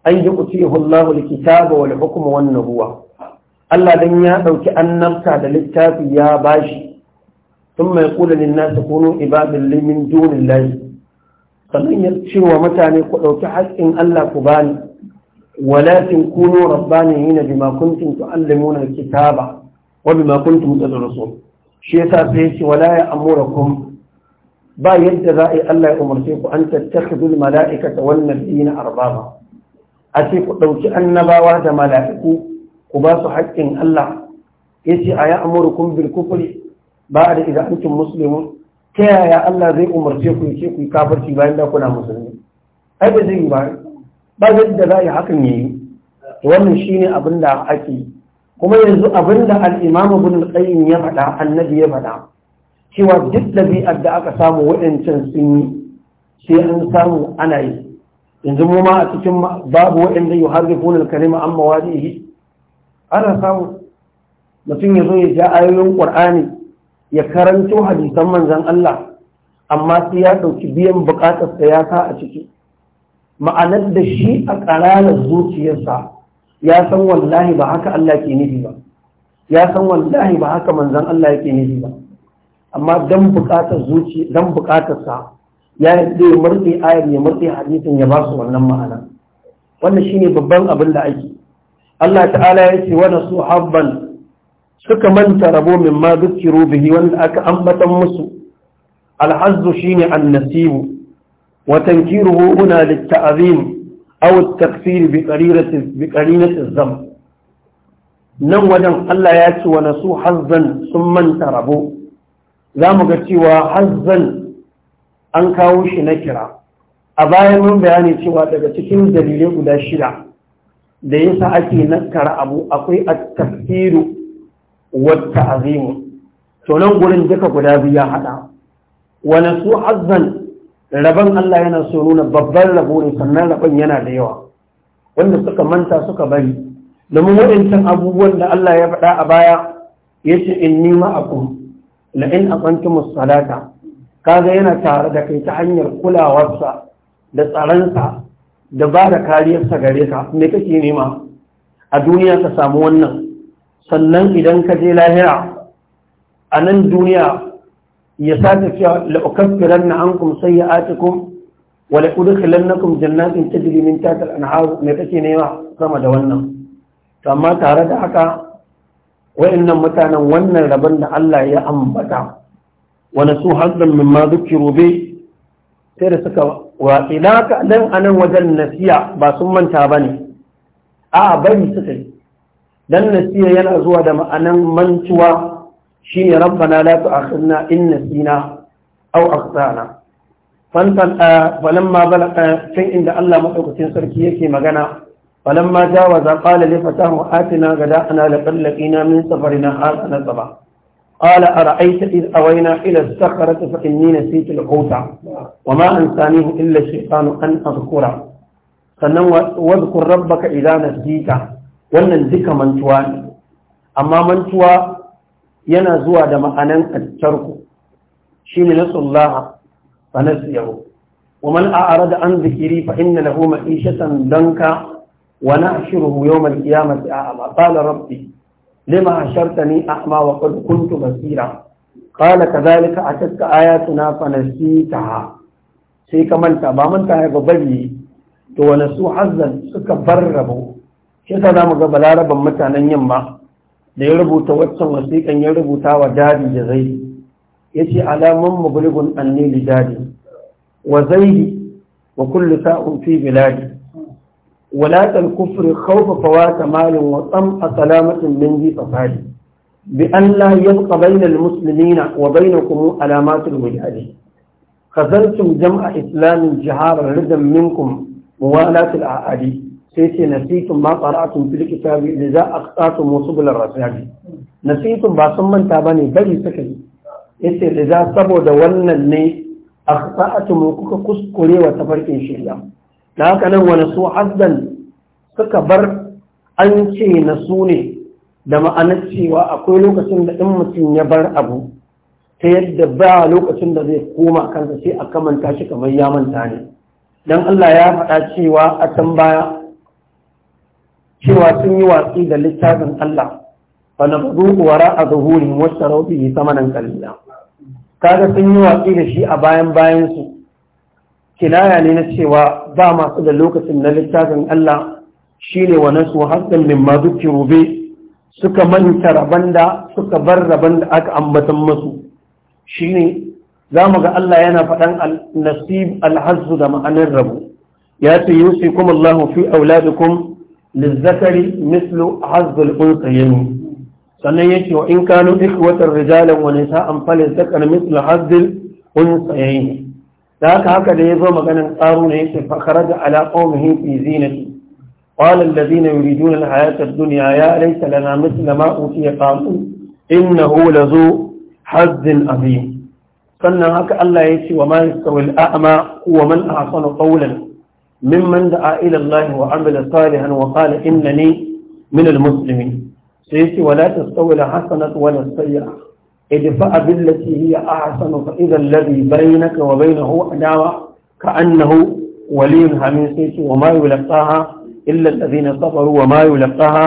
an ji utihu Allahu al-kitaba wal hukma wan nubuwa Allah dan ya dauki annabta da littafi ya bashi ثم يقول للناس كونوا عبادا لي من دون الله sannan ya mutane ku ɗauki haƙƙin Allah ku bani walakin kunu rabbaniyina bima kuntum tu'allimuna alkitaba wa bima kuntum tadrusun shi yasa sai yace wala ya amurakum ba yadda za a yi Allah ya umarce ku an tattakhidul mala'ikata wan nabiyina arbaba a ce ku ɗauki annabawa da mala'iku ku ba su haƙƙin Allah yace a ya amurukum bil kufri ba da idan antum muslimun ta yaya Allah zai umarce ku ce ku kafarci bayan da kuna musulmi ai ba zai yi ba ba zai da za a yi hakan yayi wannan shine abin da ake kuma yanzu abin da al-Imam Ibn al-Qayyim ya faɗa annabi ya faɗa cewa duk ɗabi'ar da aka samu waɗancan sun yi sai an samu ana yi yanzu mu ma a cikin babu waɗanda yuharrifuna al-kalima amma wadihi ana samu mutum ya zo ya ja ayoyin Qur'ani ya karanto hadisan manzan Allah amma sai ya ɗauki biyan buƙatar sa ya sa a ciki ma'anar da shi a ƙararar zuciyarsa ya san wallahi ba haka Allah ke nufi ba ya san wallahi ba haka manzan Allah yake nufi ba amma dan buƙatar zuci dan buƙatarsa ya yi murɗe ayar ya murɗe hadisin ya ba su wannan ma'ana wannan shine babban abin da ake Allah ta'ala ya ce wa su habban suka manta rabo min ma dukkiru bihi wanda aka ambatan musu alhazzu shine annasibu wa tankiruhu una litta'zim aw at-takfir bi qarinati bi qarinati az-zam nan wajen Allah ya ce wa nasu hazzan sun manta rabo zamu ga cewa hazzan an kawo shi na kira a bayan mun bayani cewa daga cikin dalilai guda shida da yasa ake nakara abu akwai at wata azimu to nan gurin duka guda biyu ya haɗa wani su azan rabon Allah yana so nuna babban rabo ne sannan rabon yana da yawa wanda suka manta suka bari domin waɗancan abubuwan da Allah ya faɗa a baya ya ce in nima akum la in aqantumus salata kaga yana tare da kai ta hanyar kulawarsa da tsaronsa da ba da kariyarsa gare ka me kake nema a duniya ka samu wannan sannan idan ka je lahira a nan duniya ya sa cewa la'ukaffiran na an sai ya ati kum wale udukhilan na kum jannatin ta jirimin tatar an haru mai kake nema sama da wannan to amma tare da haka wa'annan mutanen wannan rabon da Allah ya ambata wani su haddan min ma zukiru bai sai da suka waƙi ka Dan anan wajen nasiya ba sun manta ba ne a bari suka yi dan nasiya yana zuwa da ma'anan mantuwa shine rabbana la tu'akhidna in nasina aw akhtana fantan falamma balaga tun inda Allah madaukakin sarki yake magana falamma jawaza qala li fatahu atina gada'ana laqad laqina min safarina hadha nasaba قال أرأيت إذ أوينا إلى الصخرة فإني نسيت الحوت وما أنسانيه إلا الشيطان أن أذكره فنن واذكر ربك إذا نسيته wannan duka mantuwa ne amma mantuwa yana zuwa da ma'anan attarku shine nasullaha fa nasiyahu wa man a'rada an dhikri fa inna lahu ma'ishatan danka wa nahshuruhu yawm al-qiyamati a'ma qala rabbi lima hashartani a'ma wa qad kuntu basira qala kadhalika atatka ayatuna fa nasitaha sai ka manta ba manta ya bari to wa nasu hazzan suka barrabu yasa za mu ga balaraban mutanen yamma da ya rubuta waccan wasiƙan ya rubuta wa dadi da zai ya ce alamun mabulgun annili dadi wa zai wa kullu sa'un fi biladi walatan kufri khawfa fawata malin wa tsam a salamatin min ji fasali bi an la yabqa bainal muslimina wa bainakum alamatul wijhadi khazantum jam'a islamin jiharan ridan minkum muwalatul a'adi sai ce nasitun ma za fil kitabi idza aqtatum subul rasul nasitun ba sun manta ba ne, bari suka yi Ya ce yace za saboda wannan ne mu kuka kuskure wa tafarkin shirya da haka nan wani su haddan suka bar an ce nasu ne da ma'anar cewa akwai lokacin da in mutum ya bar abu ta yadda ba lokacin da zai koma kansa sai a kamanta shi kamar ya manta ne don Allah ya faɗa cewa a can baya cewa sun yi watsi da littafin Allah fa na budu wara a zuhuri wasu sama nan kalila kaga sun yi watsi da shi a bayan bayan su kinaya ne na cewa ba masu da lokacin na littafin Allah shine wa nasu haqqan mimma dhukiru bi suka manta rabanda suka bar rabon da aka ambatan ne za mu ga Allah yana faɗan nasib alhazzu da ma'anar rabu ya ce yusikum Allahu fi auladikum Zakari, mislu hazbul unsayin sannan yace wa in kanu watan rijalan wa nisa'an falizakar mislu hazbul unsayin da haka haka da zo maganan tsaro na yace fakara da ala qaumihi fi zinati da zina yuriduna alhayata hayatar duniya ya laysa ya mithla In na qaum innahu lazu hazzin azim sannan haka Allah ya ce wa ma yastawil a'ma wa man ahsanu ƙaunar. mimman da'a ila Allah wa amila salihan wa qala innani min al-muslimin sai yace wala tastawi al-hasanatu wala sayyi'a idfa billati hiya ahsanu fa idha alladhi bainaka wa bainahu adawa ka'annahu waliyyun hamim sai yace wa ma yulqaha illa alladhina sabaru wa ma yulqaha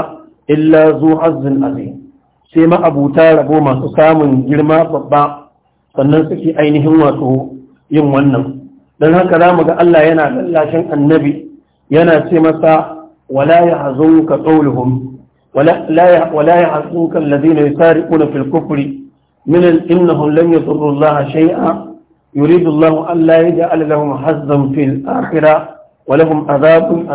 illa zu hazzin sai ma rabo masu samun girma babba sannan suke ainihin wato yin wannan don haka za mu ga Allah yana lallashin annabi yana ce masa wala ya hazunka qawluhum wala ya hazunka alladhina yusariquna fil inna min innahum lam yadurru shaia shay'a yuridu Allah an la yaj'al lahum fil akhirah wa lahum adhabun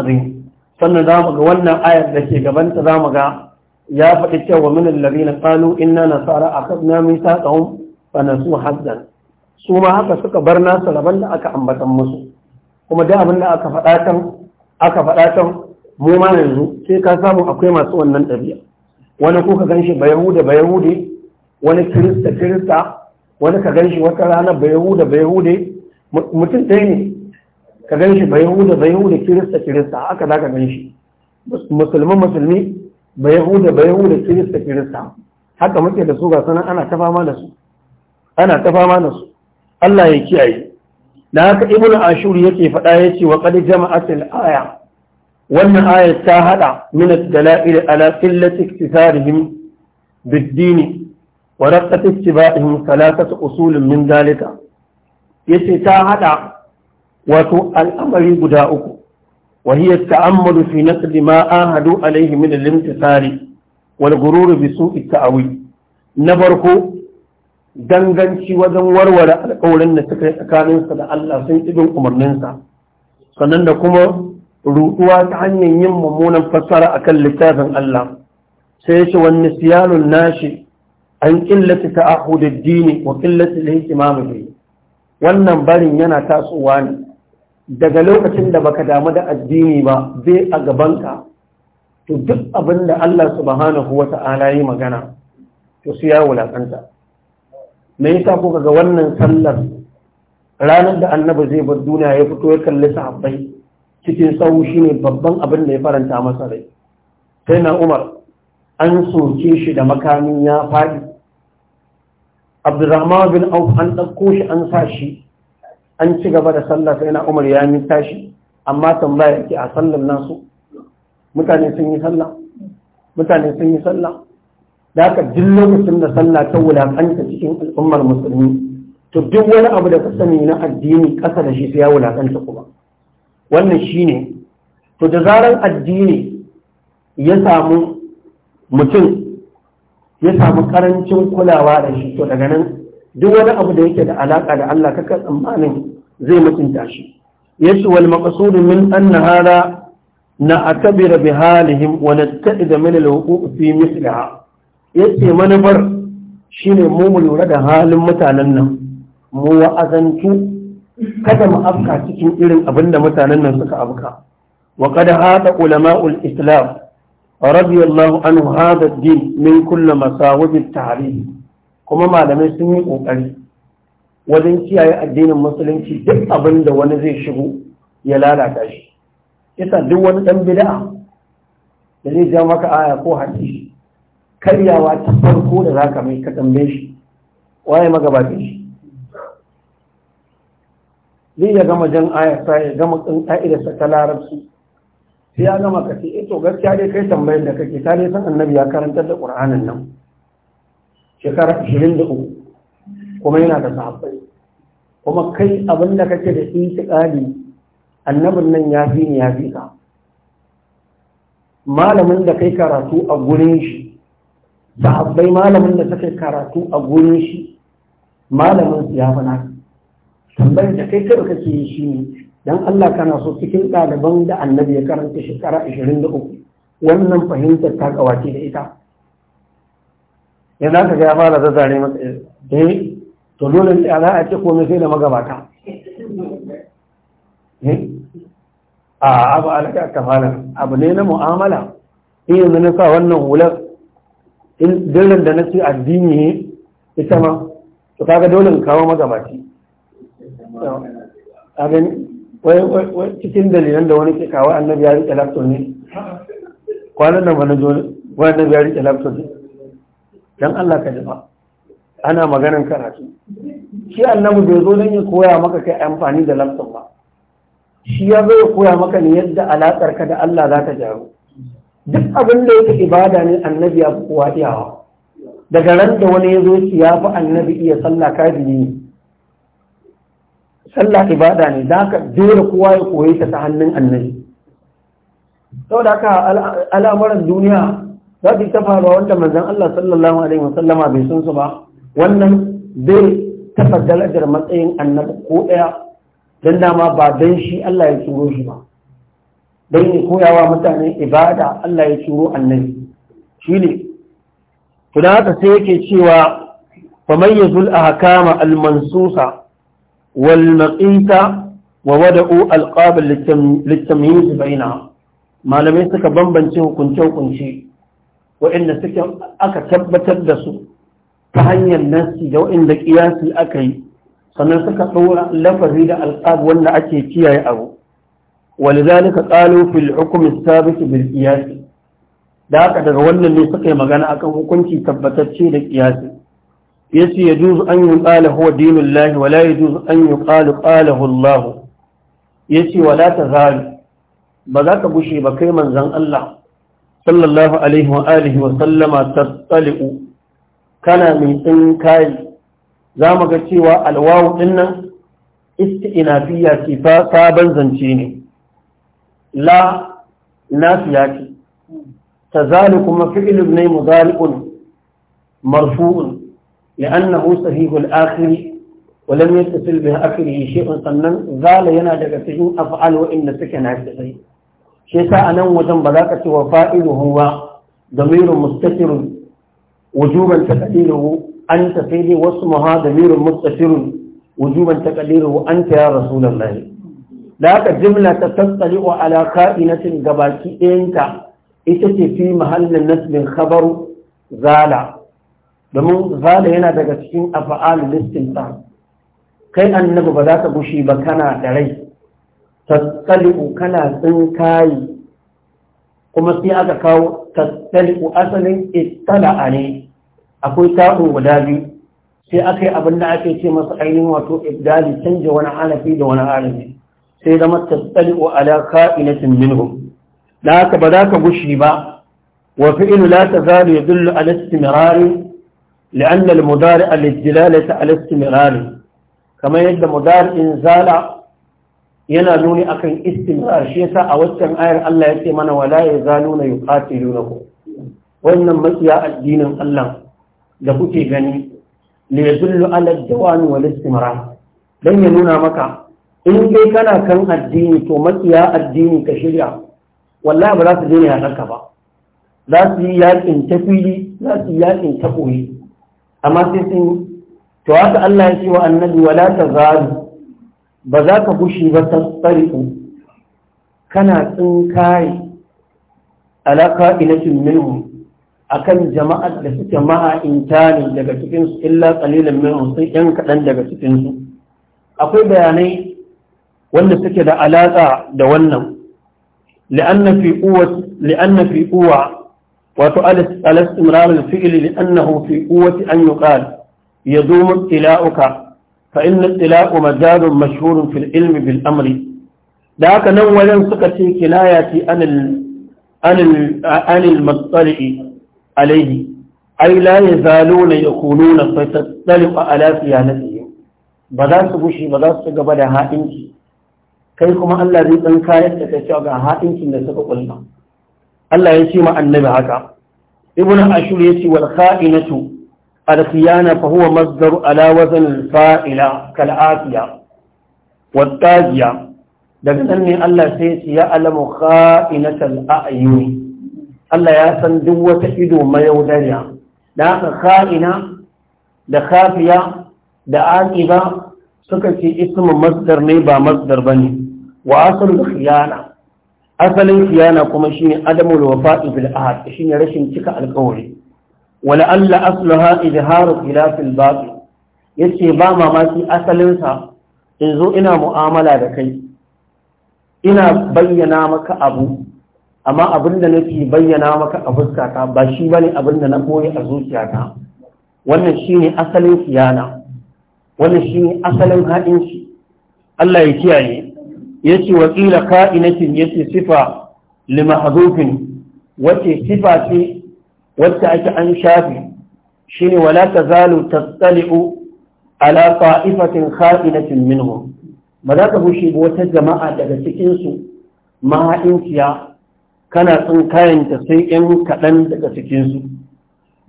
sannan za mu ga wannan ayar da ke gabanta za mu ga ya faɗi cewa min alladhina qalu inna nasara akhadna mithaqahum fa nasu hazzan su ma haka suka bar nasu rabon da aka ambatan musu kuma da abin da aka faɗa kan aka faɗa mu ma yanzu sai ka samu akwai masu wannan ɗabi'a wani ko ka ganshi ba Bayahude. wani kirista kirista wani ka ganshi wata rana ba Bayahude. ba yahude mutum ɗaya ne ka ganshi ba yahuda ba kirista kirista haka za ka ganshi musulmi musulmi ba yahuda kirista kirista haka muke da su ga sanan ana ta fama da su ana ta fama da su Allah ya kiyaye na haka ibnu ashur yake faɗa yace wa qad jama'atil aya wannan ayar ta hada min ad-dala'il ala qillati iktisarihim bid-din wa raqqati ittiba'ihim thalathatu usul min dalika yace ta hada wato al'amari guda uku wa hiya ta'ammulu fi naqdi ma ahadu alayhi min al-imtisari wal ghurur bi su'i ta'awi na farko danganci wajen warware alƙawarin da suka yi tsakaninsa da Allah sun ibin umarninsa sannan da kuma ruɗuwa ta hanyar yin mummunan fassara akan littafin Allah sai ya ce wani siyanun nashi an ƙillata ta ahudar dini wa ƙillata da hikimamu wannan barin yana tasowa ne daga lokacin da baka damu da addini ba bai a gabanka to duk abin da Allah subhanahu wa ta'ala yi magana to su ya wulakanta me yasa kuka ga wannan sallar ranar da annabi zai bar duniya ya fito ya kalli sahabbai cikin sahu shine babban abin da ya faranta masa rai sai na umar an soke shi da makamin ya faɗi abdurrahman bin auf an ɗauko shi an sa shi an ci gaba da sallar. sai na umar ya yi tashi amma tambaya yake a sallar nasu mutane sun yi sallah mutane sun yi sallah da haka duk lokacin da sallah ta wulakanta cikin al'ummar musulmi to duk wani abu da ka sani na addini ƙasa da shi sai ya wulakanta kuma wannan ne. to da zarar addini ya samu mutum ya samu karancin kulawa da shi to daga nan duk wani abu da yake da alaka da Allah kaka tsammanin zai mutunta shi yace wal maqsud min anna hada na akabira bi halihim wa da min al huquq fi mithlaha yace manufar shine ne mu lura da halin mutanen nan mu wa'azantu kada mu afka cikin irin abin da mutanen nan suka afka wa qad hada ulama'ul islam radiyallahu anhu hada din min kulli masawib tarihi. kuma malamai sun yi kokari wajen kiyaye addinin musulunci duk abin da wani zai shigo ya lalata shi isa duk wani dan bid'a da zai ja maka aya ko hadisi karyawa ta farko da za ka mai ka tambaye shi waye magabacin shi zai ya gama jan ta ya gama ɗin ƙa'idarsa ta larabci sai ya gama ka ce eh, to gaskiya dai kai tambayar da kake ta dai san annabi ya karantar da ƙur'anin nan shekara ashirin da uku kuma yana da sahabbai kuma kai abin da kake da intiƙali annabin nan ya fi ni ya fi ka malamin da kai karatu a gurin shi sahabbai malamin da suka karatu a gurin shi malamin su ya fana tambayar da kai kai kake yi shi ne dan Allah kana so cikin ɗaliban da annabi ya karanta shekara 23 wannan fahimtar ta kawace da ita yanzu aka ga ya fara zazzare masa eh, dai to dole ne za a ce komai sai da magabata eh? a abu alaka kafalan abu ne na mu'amala in yanzu sa wannan hular in da na ce addini ne ita ma to kaga dole in kawo magabaci a gani wai cikin dalilan da wani ke kawo annabi ya rike laptop ne kwanan da wani jo wani annabi ya rike laptop ne dan Allah ka jima ana maganan karatu shi annabi bai zo don ya koya maka kai amfani da laptop ba shi ya zo ya koya maka ne yadda alakar ka da Allah za ta jaru duk abin da yake ibada ne annabi ya fi iyawa daga ran da wani ya zo shi ya fi annabi iya sallah kafiri ne sallah ibada ne da ka dole kowa ya koye ta ta hannun annabi saboda haka al'amuran duniya za ta faruwa wanda manzon Allah sallallahu alaihi wasallama bai sun ba wannan bai tafa darajar matsayin annabi ko ɗaya don dama ba don shi Allah ya turo shi ba don koyawa mutane ibada Allah ya turo annabi shi ne tuna sai yake cewa fa mayyazul ahkama al mansusa wal maqita wa wada'u al qabil litamyiz baina malamai suka bambance hukunce hukunce wa'anda suka aka tabbatar da su ta hanyar nasi da wa'anda kiyasi aka yi sannan suka tsora lafari da alqab wanda ake kiyaye abu ولذلك قالوا في الحكم الثابت بالقياس da haka daga wannan ne suka yi magana akan hukunci tabbatacce da kiyasi yace yajuzu an yi yuqala huwa dinullahi wala yajuzu an yi yuqalu qalahu Allah yace wala tazalu ba za ka gushe ba kai manzon Allah sallallahu alaihi wa alihi wa sallama tattali'u kana mai tsin kai za mu ga cewa alwawu dinnan isti'nafiya ce fa sabon zance ne la nafiya ce كذلك مفعل ابن مضارع مرفوع لأنه صحيح الآخر ولم يتصل بآخره شيء sannan zala yana daga cikin af'al wa'inda suke na shi shi yasa a nan wajen ba za ka ce wa fa'ilu huwa damirun mustatirun wujuban taqdiruhu anta sai dai wasu muha damirun mustatirun wujuban taqdiruhu anta ya rasulullahi da haka jimla ta tattali wa na cin gabaki ɗayanta ita ce fi mahallin nasbin khabaru zala domin zala yana daga cikin afa'al listin ta kai annabi ba za ka gushi ba kana da rai tattali'u kana kayi kuma sai aka kawo tattali'u asalin a ne akwai ta'un guda biyu sai aka yi abin da ake ce masa ainihin wato ibdali canja wani halafi da wani halafi sai zama tattali wa alaka inatin minhum da haka ba za ka gushi ba wa fi'ilu la ta zalu ya dullu a lastimirari la'annal mudari a lijilalata a lastimirari kamar yadda mudari in zala yana nuni akan istimirar shi yasa a waccan ayar Allah ya ce mana wala ya zalu na yi ku wannan matsiya addinin Allah da kuke gani ne ya dullu a lajjawa ne wa lastimirari don ya nuna maka in kai kana kan addini to makiya addini ka shirya wallahi ba za su daina ka ba za su yi yaƙin ta fili za su yi yaƙin ta ɓoye amma sai sun to haka Allah ya ce wa annabi wala ta zaru ba za ka fushi ba ta tsariku kana tsinkari alaka ilatin minhum akan jama'ar da suke ma'a'inta ne daga cikinsu illa ƙalilan minhu sun ‘yan kaɗan daga cikinsu akwai bayanai wanda suke da alaƙa da wannan li'anna fi quwwati li'anna fi quwwa wato al-istimrar al-fi'l li'annahu fi quwwati an yuqal yadumu tilauka fa inna tilau majadun mashhurun fil ilmi bil amri da haka nan wajen suka ce kinaya ce anil anil anil matsali'i alaihi ai la yazaluna yakununa fa tattaliqa ala siyanatihim ba za su gushi ba za su gaba da ha'inci kai kuma Allah zai dan kayar da kai ga haɗinkin da suka kulla Allah ya ce ma annabi haka ibn ashur ya ce wal kha'inatu al khiyana fa huwa masdaru ala wazn al fa'ila kal afiya wat taziya daga nan ne Allah sai ya ce ya alamu kha'inatal a'yuni Allah ya san duk wata ido mayaudariya da haka kha'ina da khafiya da aqiba suka ce ismu masdar ne ba masdar bane wa asalul khiyana asalin khiyana kuma shine adamul wafa'i bil ahad shine rashin cika alƙawari wala alla aslaha izharu khilafil batil yace ba mamaki asalin sa in zo ina mu'amala da kai ina bayyana maka abu amma abin da nake bayyana maka a fuskata ba shi bane abin da na koyi a zuciyata wannan shine asalin khiyana wannan shine asalin haɗin shi Allah ya kiyaye yace waƙila qila ka'inatin yace sifa limahdhufin wace sifa ce wacce ake an shafi shine wala tazalu tastali'u ala ta'ifatin kha'inatin minhum ba za ka bushe ba wata jama'a daga cikinsu su mahaɗinciya kana tsin kayanta sai ƴan kaɗan daga cikinsu.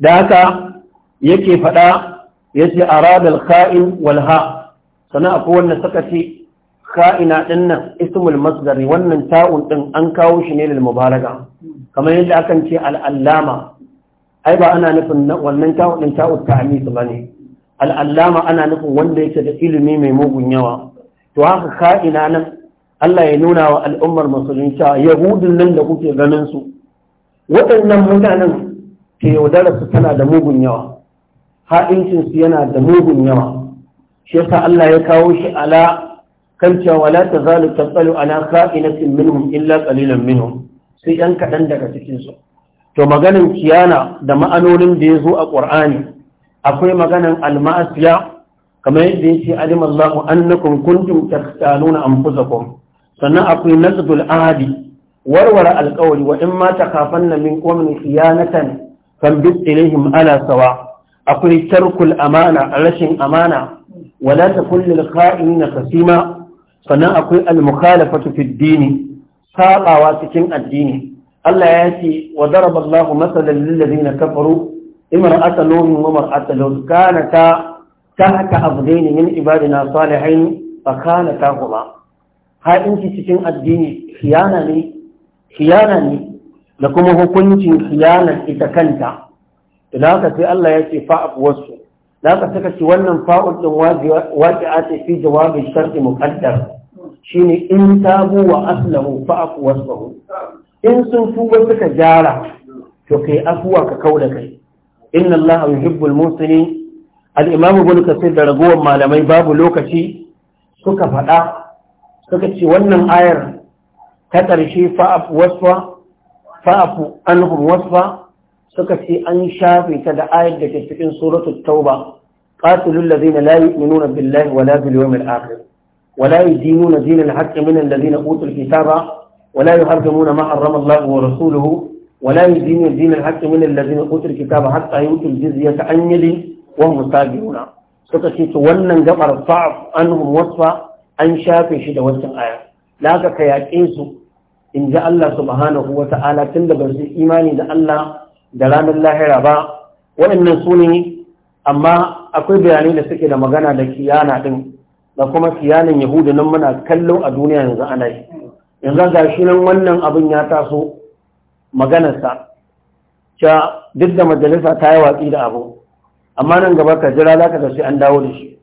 da haka yake faɗa yace aradal kha'in walha sannan sana akwai wanda suka ce ka'ina din nan ismul masdar wannan ta'un din an kawo shi ne lil Mubaraka. kamar yadda akan ce al-allama ai ba ana nufin wannan ta'un din ta'ut ta'mis bane al-allama ana nufin wanda yake da ilimi mai mugun yawa to haka ka'ina nan Allah ya nuna wa al'ummar musulunci yahudun nan da kuke ganin su waɗannan mutanen ke yaudara su tana da mugun yawa ha'incinsu yana da mugun yawa shi yasa Allah ya kawo shi ala kan cewa wala ta zalu tattalu ala ka'inatin minhum illa qalilan minhum sai yan kaɗan daga cikin su to maganin kiyana da ma'anonin da ya zo a ƙur'ani akwai maganin almasiya kamar yadda ya ce alimallahu annakum kuntum takhtanuna anfusakum sannan akwai nazbul ahadi warware alƙawari wa in ma takafanna min qawmin khiyanatan bi ilaihim ala sawa akwai tarkul amana rashin amana wala takun lil kha'inina khasima sannan akwai al-mukhalafatu fi dini sabawa cikin addini Allah ya ce wa daraba Allah masalan lil ladina kafaru imra'atan ta, wa imra'atan lut kanata tahta abdaini min ibadina salihin fa kanata huma haɗinci cikin addini khiyana ne khiyana ne da kuma hukuncin khiyanar ita kanta idan ka sai Allah ya ce fa'ab wasu Za ka saka ci wannan fa'ul ɗin waƙi'a ce fi jawabin sharɗi muƙaddar shi ne in tabu wa aslahu fa'afu wasfahu in sun tuba suka gyara to kai afuwa ka kau da kai inna Allah yuhibbul musini al-imamu ibn kasir da ragowar malamai babu lokaci suka faɗa suka ce wannan ayar ta ƙarshe fa'afu wasfa fa'afu anhum wasfa suka ce an shafe ta da ayar da ke cikin suratul tauba qatilul ladina la yu'minuna billahi wala bil yawmil akhir ولا يدينون دين الحق من الذين أوتوا الكتاب ولا يحرمون ما حرم الله ورسوله ولا يدينون دين الحق من الذين أوتوا الكتاب حتى يؤتوا الجزية عن يد وهم صاغرون سكتي wannan gabar sa'af anhum wasfa an shafe shi da wannan aya laka ka yaƙe su in ji Allah subhanahu wa ta'ala tun da ba imani da Allah da ranar lahira ba waɗannan su ne amma akwai bayanai da suke da magana da kiyana ɗin da kuma kiyanin yahudu nan muna kallo a duniya yanzu ana yi yanzu ga shi nan wannan abin ya taso maganarsa cewa duk da majalisa ta yi watsi da abu amma nan gaba ka jira za ka tafi an dawo da shi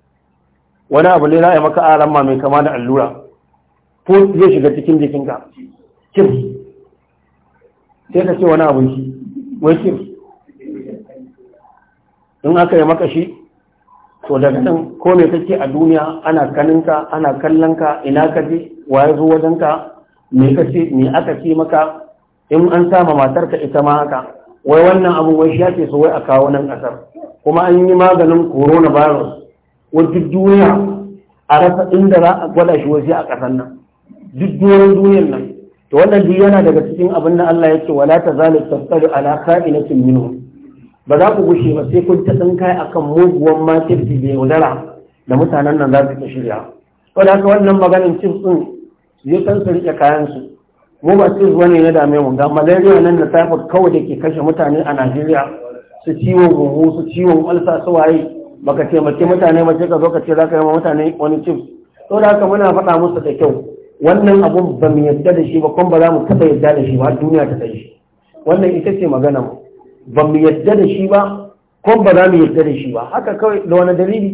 wani abu ne za a yi maka alamma mai kama da allura ko zai shiga cikin jikinka cif sai ka ce wani abinci. wakil in aka yi maka shi to daga nan ko me kake a duniya ana kaninka ana kallonka ina ka je waye zo wajenka me kace me aka ce maka in an sama matarka ita ma haka wai wannan abu wai shi su wai a kawo nan kasar kuma an yi maganin corona wani duk duniya a rasa inda za a gwada shi wasu a ƙasar nan duk duniyar duniyar nan to wannan duk yana daga cikin abin da Allah yake wala ta tazalu tasalu ala kha'inatin minhu ba za ku gushe ba sai kun ta tsinkai akan muguwan makirci da yaudara da mutanen nan za su ta shirya wanda haka wannan maganin cin din ya san su rike kayan su mu ba cif wani na dame mu ga malaria nan da typhoid kawai da ke kashe mutane a Najeriya su ciwon gugu su ciwon ulsa su waye baka taimake mutane ba sai ka zo ka ce za ka yi mutane wani to da haka muna faɗa musu da kyau wannan abun ba mu yadda da shi ba kuma ba za mu taɓa yadda da shi ba duniya ta kai shi wannan ita ce magana mu ba mu yadda da shi ba kuma ba za mu yadda da shi ba haka kawai da wani dalili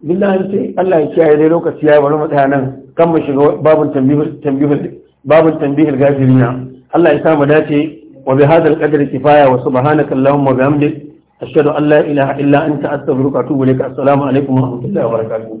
billahi sai, Allah ya kiyaye dai lokaci yayi bari mu tsaya nan kan mu shiga babun tambihar tambihul babun tambihul gafirina Allah ya sa mu dace wa bi hadal qadri kifaya wa subhanaka allahumma wa bihamdik ashhadu an la ilaha illa anta astaghfiruka wa atubu ilaik assalamu alaikum wa rahmatullahi wa barakatuh